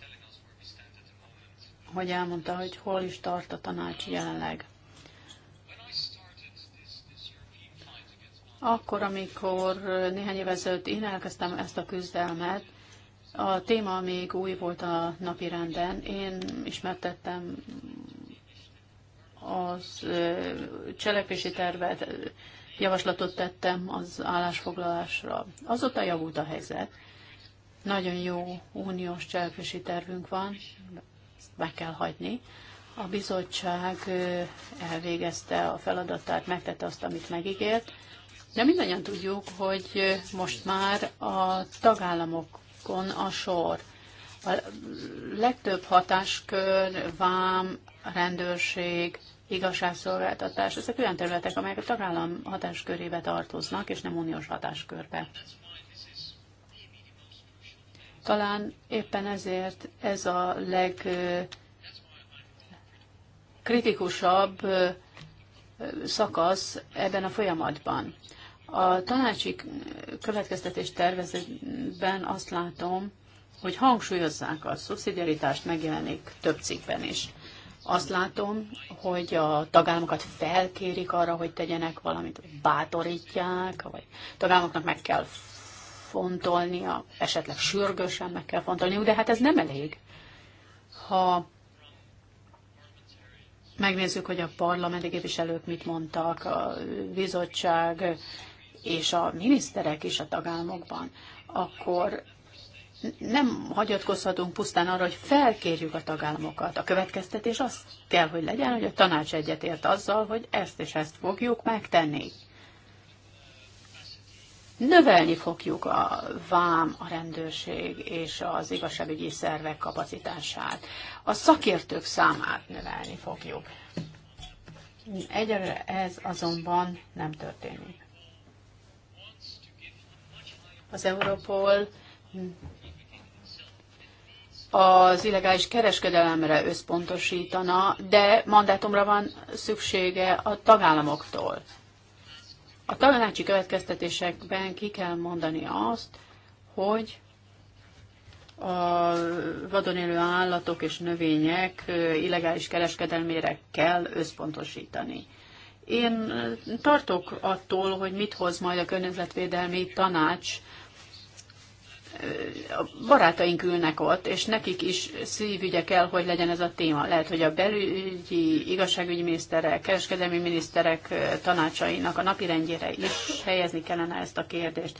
S3: hogy elmondta, hogy hol is tart a tanács jelenleg. Akkor, amikor néhány év ezelőtt én elkezdtem ezt a küzdelmet, a téma még új volt a napi renden. Én ismertettem az cselekvési tervet, javaslatot tettem az állásfoglalásra. Azóta javult a helyzet. Nagyon jó uniós cselekvési tervünk van, ezt meg kell hagyni. A bizottság elvégezte a feladatát, megtette azt, amit megígért, de mindannyian tudjuk, hogy most már a tagállamokon a sor. A legtöbb hatáskör, vám, rendőrség, igazságszolgáltatás, ezek olyan területek, amelyek a tagállam hatáskörébe tartoznak, és nem uniós hatáskörbe. Talán éppen ezért ez a legkritikusabb szakasz ebben a folyamatban. A tanácsi következtetés tervezetben azt látom, hogy hangsúlyozzák a szubszidiaritást, megjelenik több cikkben is. Azt látom, hogy a tagállamokat felkérik arra, hogy tegyenek valamit, vagy bátorítják, vagy tagállamoknak meg kell fontolnia, esetleg sürgősen meg kell fontolniuk, de hát ez nem elég. Ha megnézzük, hogy a parlamenti képviselők mit mondtak, a bizottság és a miniszterek is a tagállamokban, akkor nem hagyatkozhatunk pusztán arra, hogy felkérjük a tagállamokat. A következtetés az kell, hogy legyen, hogy a tanács egyetért azzal, hogy ezt és ezt fogjuk megtenni. Növelni fogjuk a vám, a rendőrség és az igazságügyi szervek kapacitását. A szakértők számát növelni fogjuk. Egyre ez azonban nem történik. Az Europol az illegális kereskedelemre összpontosítana, de mandátumra van szüksége a tagállamoktól. A tanácsi következtetésekben ki kell mondani azt, hogy a vadon élő állatok és növények illegális kereskedelmére kell összpontosítani. Én tartok attól, hogy mit hoz majd a környezetvédelmi tanács a barátaink ülnek ott, és nekik is szívügye kell, hogy legyen ez a téma. Lehet, hogy a belügyi, igazságügyi miniszterek, kereskedelmi miniszterek tanácsainak a napirendjére is helyezni kellene ezt a kérdést.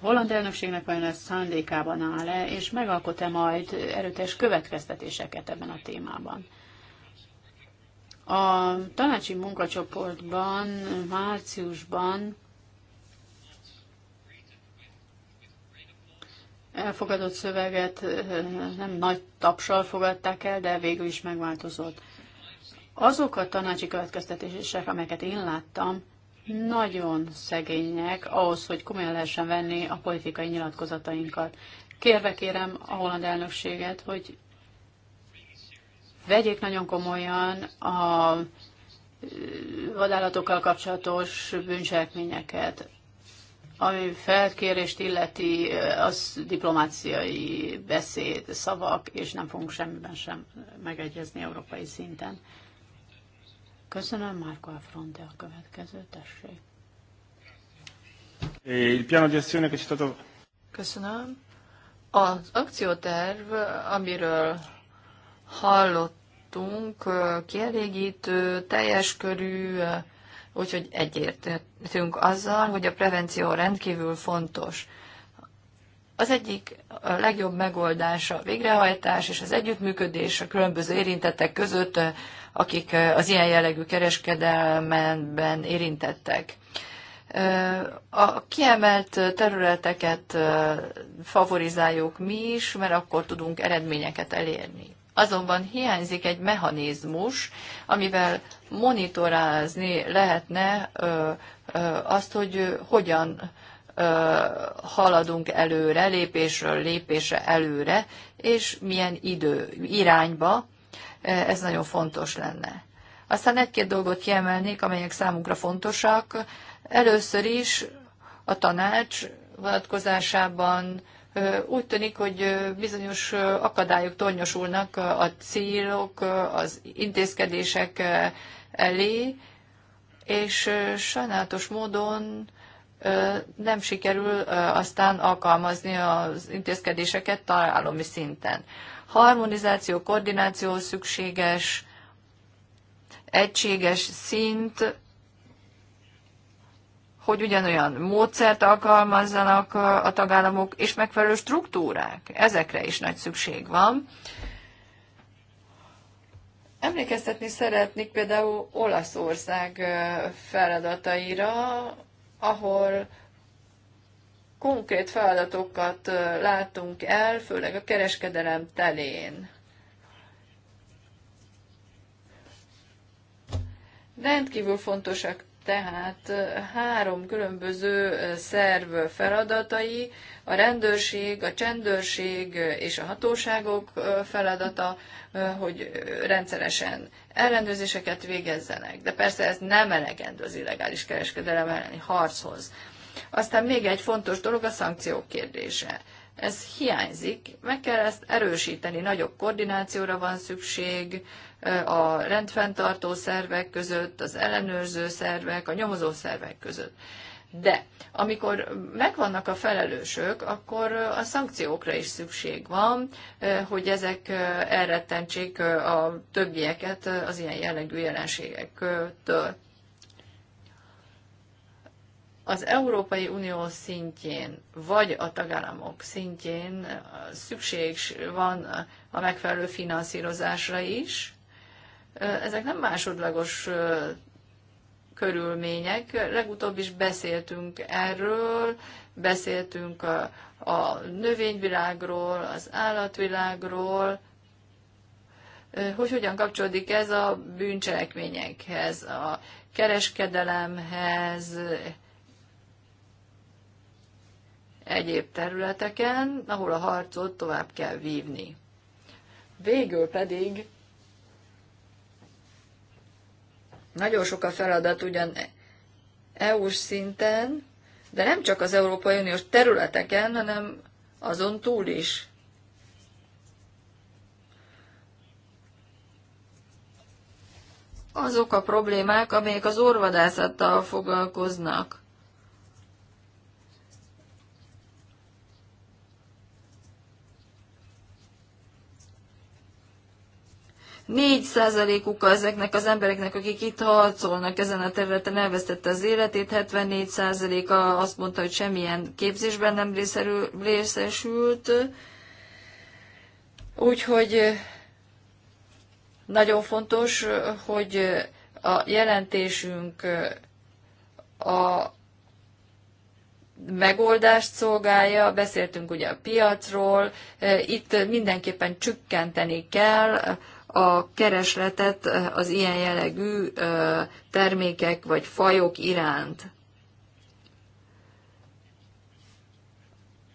S3: Holland elnökségnek vajon ez szándékában áll-e, és megalkot-e majd erőteljes következtetéseket ebben a témában? A tanácsi munkacsoportban márciusban elfogadott szöveget eh, nem nagy tapsal fogadták el, de végül is megváltozott. Azok a tanácsi következtetések, amelyeket én láttam, nagyon szegények ahhoz, hogy komolyan lehessen venni a politikai nyilatkozatainkat. Kérve kérem a holland elnökséget, hogy vegyék nagyon komolyan a eh, vadállatokkal kapcsolatos bűncselekményeket. Ami felkérést illeti, eh, az diplomáciai beszéd, szavak, és nem fogunk semmiben sem megegyezni európai szinten. Köszönöm, Marco Afronte, a következő, tessék. E Köszönöm. Az akcióterv,
S1: amiről hallottunk, eh, kielégítő, teljes körű, eh, Úgyhogy egyértünk azzal, hogy a prevenció rendkívül fontos. Az egyik a legjobb megoldása a végrehajtás és az együttműködés a különböző érintettek között, eh, akik eh, az ilyen jellegű kereskedelmenben érintettek. Eh, a kiemelt területeket favorizáljuk mi is, mert akkor tudunk eredményeket elérni azonban hiányzik egy mechanizmus, amivel monitorázni lehetne azt, hogy hogyan haladunk előre, lépésről lépésre előre, és milyen idő irányba, ez nagyon fontos lenne. Aztán egy-két dolgot kiemelnék, amelyek számunkra fontosak. Először is a tanács vonatkozásában úgy tűnik, hogy bizonyos akadályok tornyosulnak a célok, az intézkedések elé, és sajnálatos módon nem sikerül aztán alkalmazni az intézkedéseket találomi szinten. Harmonizáció, koordináció szükséges, egységes szint, hogy ugyanolyan módszert alkalmazzanak a tagállamok, és megfelelő struktúrák. Ezekre is nagy szükség van. Emlékeztetni szeretnék például Olaszország feladataira, ahol konkrét feladatokat látunk el, főleg a kereskedelem telén. Rendkívül fontosak tehát három különböző szerv feladatai, a rendőrség, a csendőrség és a hatóságok feladata, hogy rendszeresen ellenőrzéseket végezzenek. De persze ez nem elegendő az illegális kereskedelem elleni harchoz. Aztán még egy fontos dolog a szankciók kérdése ez hiányzik, meg kell ezt erősíteni, nagyobb koordinációra van szükség a rendfenntartó szervek között, az ellenőrző szervek, a nyomozó szervek között. De amikor megvannak a felelősök, akkor a szankciókra is szükség van, hogy ezek elrettentsék a többieket az ilyen jellegű jelenségektől az Európai Unió szintjén, vagy a tagállamok szintjén eh, szükség van a megfelelő finanszírozásra is. Eh, ezek nem másodlagos eh, körülmények. Legutóbb is beszéltünk erről, beszéltünk a, a növényvilágról, az állatvilágról, hogy hogyan kapcsolódik ez a bűncselekményekhez, a kereskedelemhez, egyéb területeken, ahol a harcot tovább kell vívni. Végül pedig nagyon sok a feladat ugyan EU-s szinten, de nem csak az Európai Uniós területeken, hanem azon túl is. Azok a problémák, amelyek az orvadászattal foglalkoznak. 4%-uk ezeknek az embereknek, akik itt harcolnak ezen a területen, elvesztette az életét, 74%-a azt mondta, hogy semmilyen képzésben nem részesült. Úgyhogy nagyon fontos, hogy a jelentésünk a megoldást szolgálja, beszéltünk ugye a piacról, itt mindenképpen csökkenteni kell a keresletet az ilyen jellegű termékek vagy fajok iránt.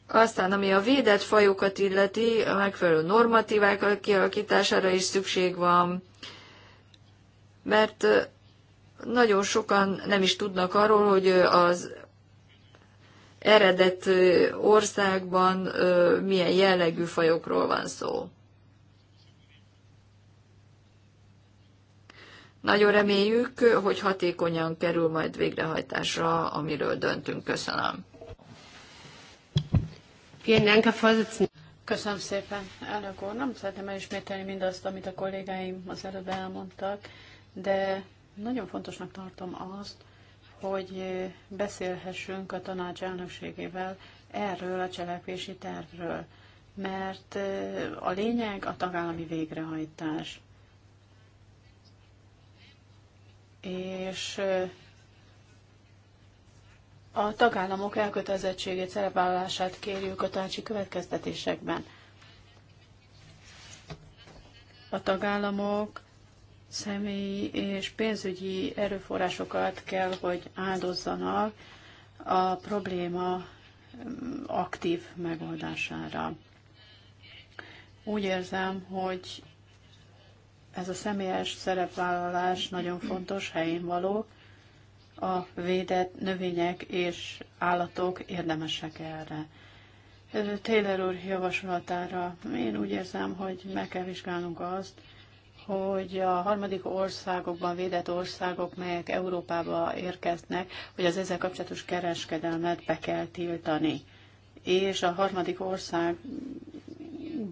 S1: Aztán, ami a védett fajokat illeti, a megfelelő normatívák kialakítására is szükség van, mert nagyon sokan nem is tudnak arról, hogy az eredet országban milyen jellegű fajokról van szó. Nagyon reméljük, hogy hatékonyan kerül majd végrehajtásra, amiről döntünk. Köszönöm.
S3: Köszönöm szépen, elnök úr. Nem szeretném elismételni mindazt, amit a kollégáim az előbb elmondtak, de nagyon fontosnak tartom azt, hogy beszélhessünk a tanács elnökségével erről a cselekvési tervről, mert a lényeg a tagállami végrehajtás. és a tagállamok elkötelezettségét, szerepvállalását kérjük a tanácsi következtetésekben. A tagállamok személyi és pénzügyi erőforrásokat kell, hogy áldozzanak a probléma mm, aktív megoldására. Úgy érzem, hogy ez a személyes szerepvállalás nagyon fontos, helyén való. A védett növények és állatok érdemesek erre. Taylor úr javaslatára én úgy érzem, hogy meg kell vizsgálnunk azt, hogy a harmadik országokban, védett országok, melyek Európába érkeznek, hogy az ezzel kapcsolatos kereskedelmet be kell tiltani. És a harmadik ország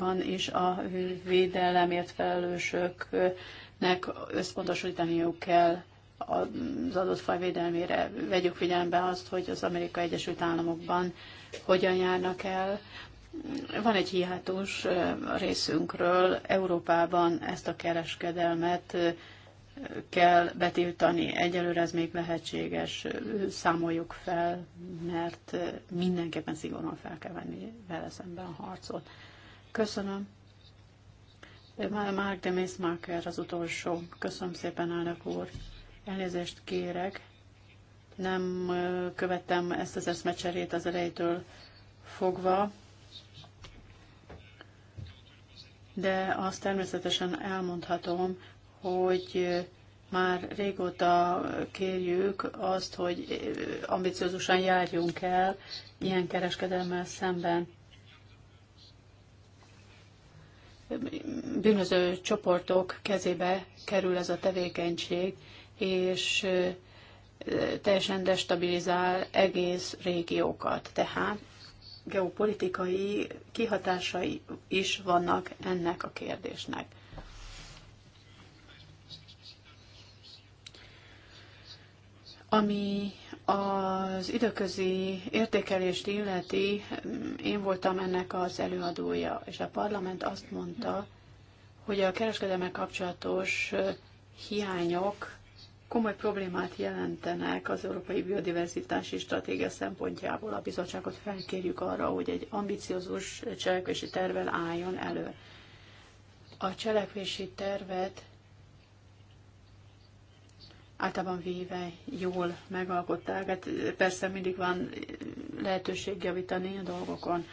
S3: országban is a védelemért felelősöknek összpontosítaniuk kell az adott faj védelmére. Vegyük figyelembe azt, hogy az Amerika Egyesült Államokban hogyan járnak el. Van egy hiátus részünkről, Európában ezt a kereskedelmet kell betiltani. Egyelőre ez még lehetséges, számoljuk fel, mert mindenképpen szigorúan fel kell venni vele szemben a harcot. Köszönöm. Mark Demészmáker az utolsó. Köszönöm szépen, elnök úr. Elnézést kérek. Nem követtem ezt az eszmecserét az elejétől fogva, de azt természetesen elmondhatom, hogy már régóta kérjük azt, hogy ambiciózusan járjunk el ilyen kereskedelmel szemben bűnöző csoportok kezébe kerül ez a tevékenység, és teljesen destabilizál egész régiókat. Tehát geopolitikai kihatásai is vannak ennek a kérdésnek. Ami az időközi értékelést illeti, én voltam ennek az előadója, és a parlament azt mondta, hogy a kereskedelmek kapcsolatos hiányok komoly problémát jelentenek az Európai Biodiverzitási Stratégia szempontjából. A bizottságot felkérjük arra, hogy egy ambiciózus cselekvési tervel álljon elő. A cselekvési tervet általában véve jól megalkották. Hát persze mindig van lehetőség javítani a dolgokon.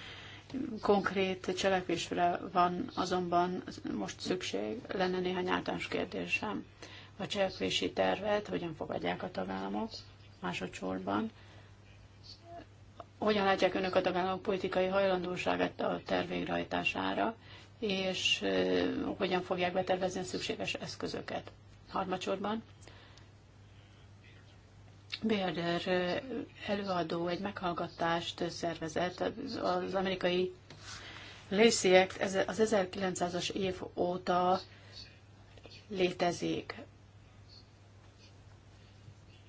S3: Konkrét cselekvésre van azonban most szükség, lenne néhány általános kérdésem. A cselekvési tervet hogyan fogadják a tagállamok másodszorban? Hogyan látják önök a tagállamok politikai hajlandóságát a terv végrehajtására, és eh, hogyan fogják betervezni a szükséges eszközöket? Harmadsorban, Bélder előadó egy meghallgatást szervezett az amerikai Lacey az 1900-as év óta létezik.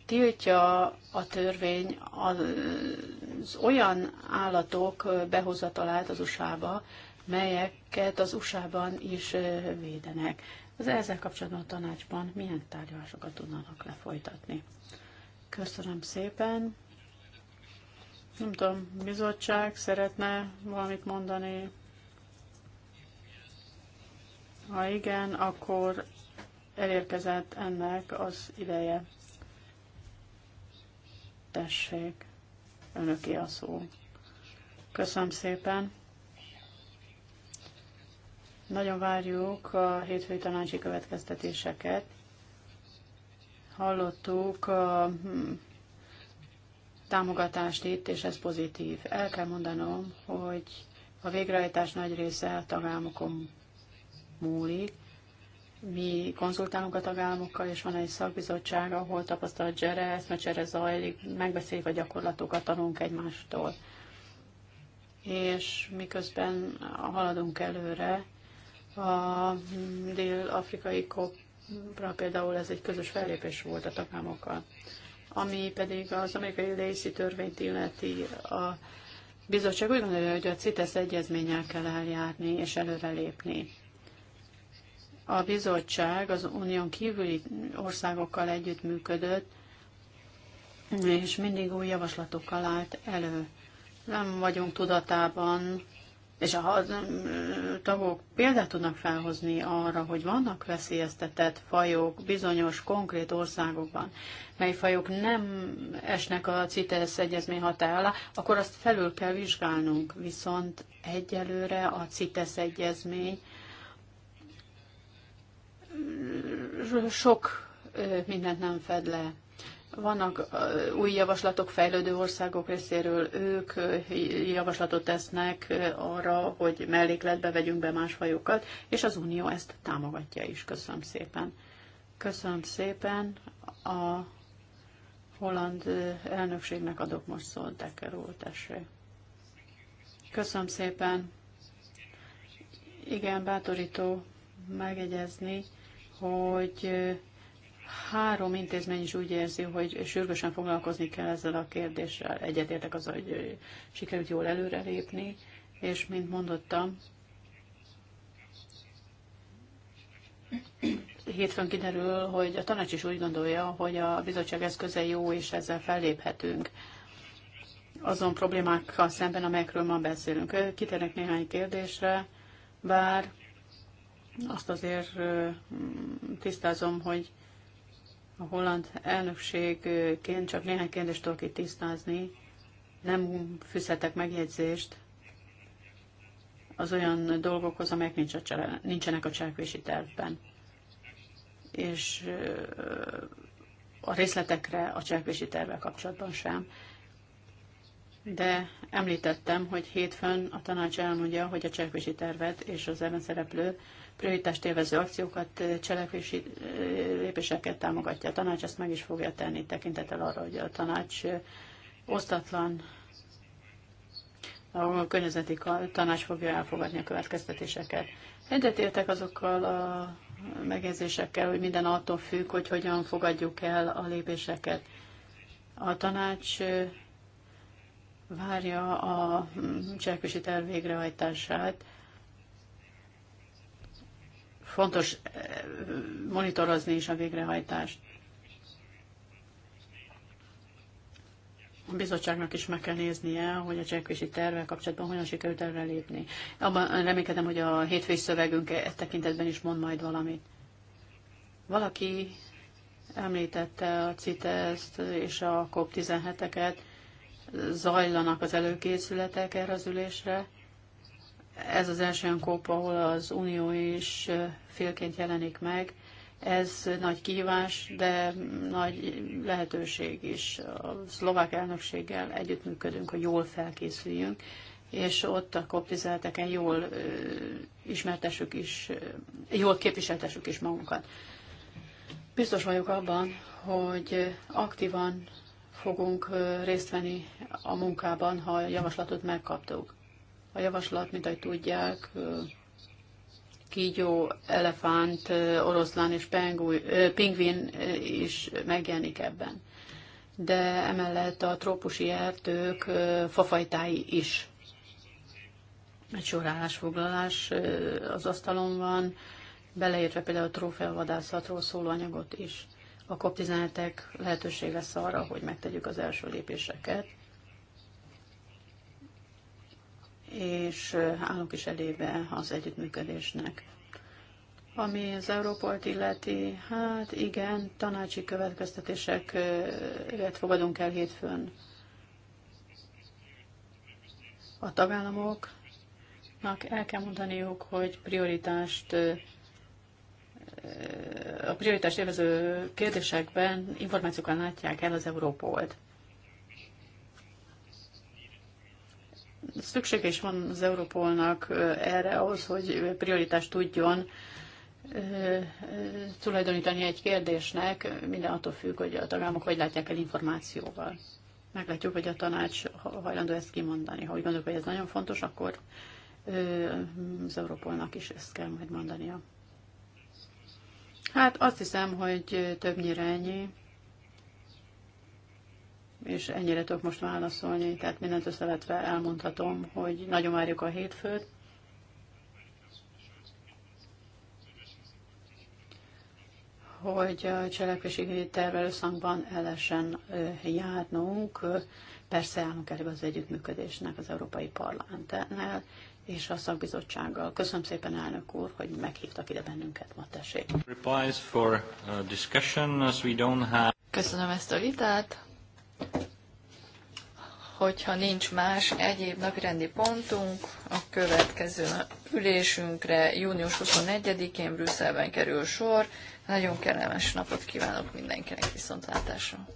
S3: Tiltja a törvény az olyan állatok behozatalát az USA-ba, melyeket az USA-ban is védenek. Az ezzel kapcsolatban a tanácsban milyen tárgyalásokat tudnának lefolytatni? Köszönöm szépen. Nem tudom, bizottság szeretne valamit mondani? Ha igen, akkor elérkezett ennek az ideje. Tessék, önöké a szó. Köszönöm szépen. Nagyon várjuk a hétfői tanácsi következtetéseket hallottuk a hm, támogatást itt, és ez pozitív. El kell mondanom, hogy a végrehajtás nagy része a tagállamokon múlik. Mi konzultálunk a tagállamokkal, és van egy szakbizottság, ahol tapasztalat gyere, eszmecsere zajlik, megbeszéljük a gyakorlatokat, tanulunk egymástól. És miközben haladunk előre, a dél-afrikai kop például ez egy közös fellépés volt a tagállamokkal. Ami pedig az amerikai Lacey törvényt illeti, a bizottság úgy gondolja, hogy a CITES egyezménnyel kell eljárni és előrelépni. A bizottság az unión kívüli országokkal együttműködött, és mindig új javaslatokkal állt elő. Nem vagyunk tudatában és a tagok példát tudnak felhozni arra, hogy vannak veszélyeztetett fajok bizonyos konkrét országokban, mely fajok nem esnek a CITES egyezmény hatája akkor azt felül kell vizsgálnunk. Viszont egyelőre a CITES egyezmény sok mindent nem fed le. Vannak új javaslatok fejlődő országok részéről, ők javaslatot tesznek arra, hogy mellékletbe vegyünk be más fajokat, és az Unió ezt támogatja is. Köszönöm szépen. Köszönöm szépen. A holland elnökségnek adok most szót, Decker úr, tessék. Köszönöm szépen. Igen, bátorító megegyezni, hogy három intézmény is úgy érzi, hogy sürgősen foglalkozni kell ezzel a kérdéssel. Egyetértek az, hogy sikerült jól előrelépni, és mint mondottam, hétfőn kiderül, hogy a tanács is úgy gondolja, hogy a bizottság eszköze jó, és ezzel felléphetünk azon problémákkal szemben, amelyekről ma beszélünk. Kitérnek néhány kérdésre, bár azt azért tisztázom, hogy a holland elnökségként csak néhány kérdést tudok itt tisztázni. Nem fűzhetek megjegyzést az olyan dolgokhoz, amelyek nincs a csele, nincsenek a cselekvési tervben. És a részletekre a cselekvési tervvel kapcsolatban sem. De említettem, hogy hétfőn a tanács elmondja, hogy a cselekvési tervet és az ellen szereplő prioritást élvező akciókat, cselekvési lépéseket támogatja a tanács, ezt meg is fogja tenni tekintettel arra, hogy a tanács osztatlan a környezeti tanács fogja elfogadni a következtetéseket. Egyetértek azokkal a megjegyzésekkel, hogy minden attól függ, hogy hogyan fogadjuk el a lépéseket. A tanács várja a mm, cselekvési terv végrehajtását, Fontos eh, monitorozni is a végrehajtást. a bizottságnak is meg kell néznie, hogy a cselekvési tervvel kapcsolatban hogyan sikerült erre lépni. Abban remélkedem, hogy a hétfői szövegünk e tekintetben is mond majd valamit. Valaki említette a cites és a COP17-eket, zajlanak az előkészületek erre az ülésre ez az első olyan kópa, ahol az Unió is félként jelenik meg. Ez nagy kihívás, de nagy lehetőség is. A szlovák elnökséggel együttműködünk, hogy jól felkészüljünk, és ott a koptizelteken jól ismertessük is, jól képviseltessük is magunkat. Biztos vagyok abban, hogy aktívan fogunk részt venni a munkában, ha a javaslatot megkaptuk. A javaslat, mint ahogy tudják, kígyó, elefánt, oroszlán és pengúj, pingvin is megjelenik ebben. De emellett a trópusi erdők fafajtái is. Egy sor foglalás az asztalon van, beleértve például a trófeavadászatról szóló anyagot is. A COP17-ek lehetőség lesz arra, hogy megtegyük az első lépéseket és állunk is elébe az együttműködésnek. Ami az Európolt illeti, hát igen, tanácsi következtetéseket fogadunk el hétfőn. A tagállamoknak el kell mondaniuk, hogy prioritást a prioritást élvező kérdésekben információkkal látják el az Európolt. Szüksége is van az Európolnak erre ahhoz, hogy prioritást tudjon tulajdonítani egy kérdésnek, minden attól függ, hogy a tagállamok hogy látják el információval. Meglátjuk, hogy a tanács hajlandó ezt kimondani. Ha úgy gondoljuk, hogy ez nagyon fontos, akkor az Európolnak is ezt kell majd mondania. Hát azt hiszem, hogy többnyire ennyi és ennyire tudok most válaszolni, tehát mindent összevetve elmondhatom, hogy nagyon várjuk a hétfőt. hogy a cselekvési tervvel összhangban elesen járnunk. Persze állunk elég az együttműködésnek az Európai Parlamentnel és a szakbizottsággal. Köszönöm szépen, elnök úr, hogy meghívtak ide bennünket ma, tessék.
S1: Uh,
S3: Köszönöm ezt a vitát hogyha nincs
S1: más egyéb napirendi pontunk, a következő ülésünkre június 24-én Brüsszelben kerül sor. Nagyon kellemes napot kívánok mindenkinek viszontlátásra!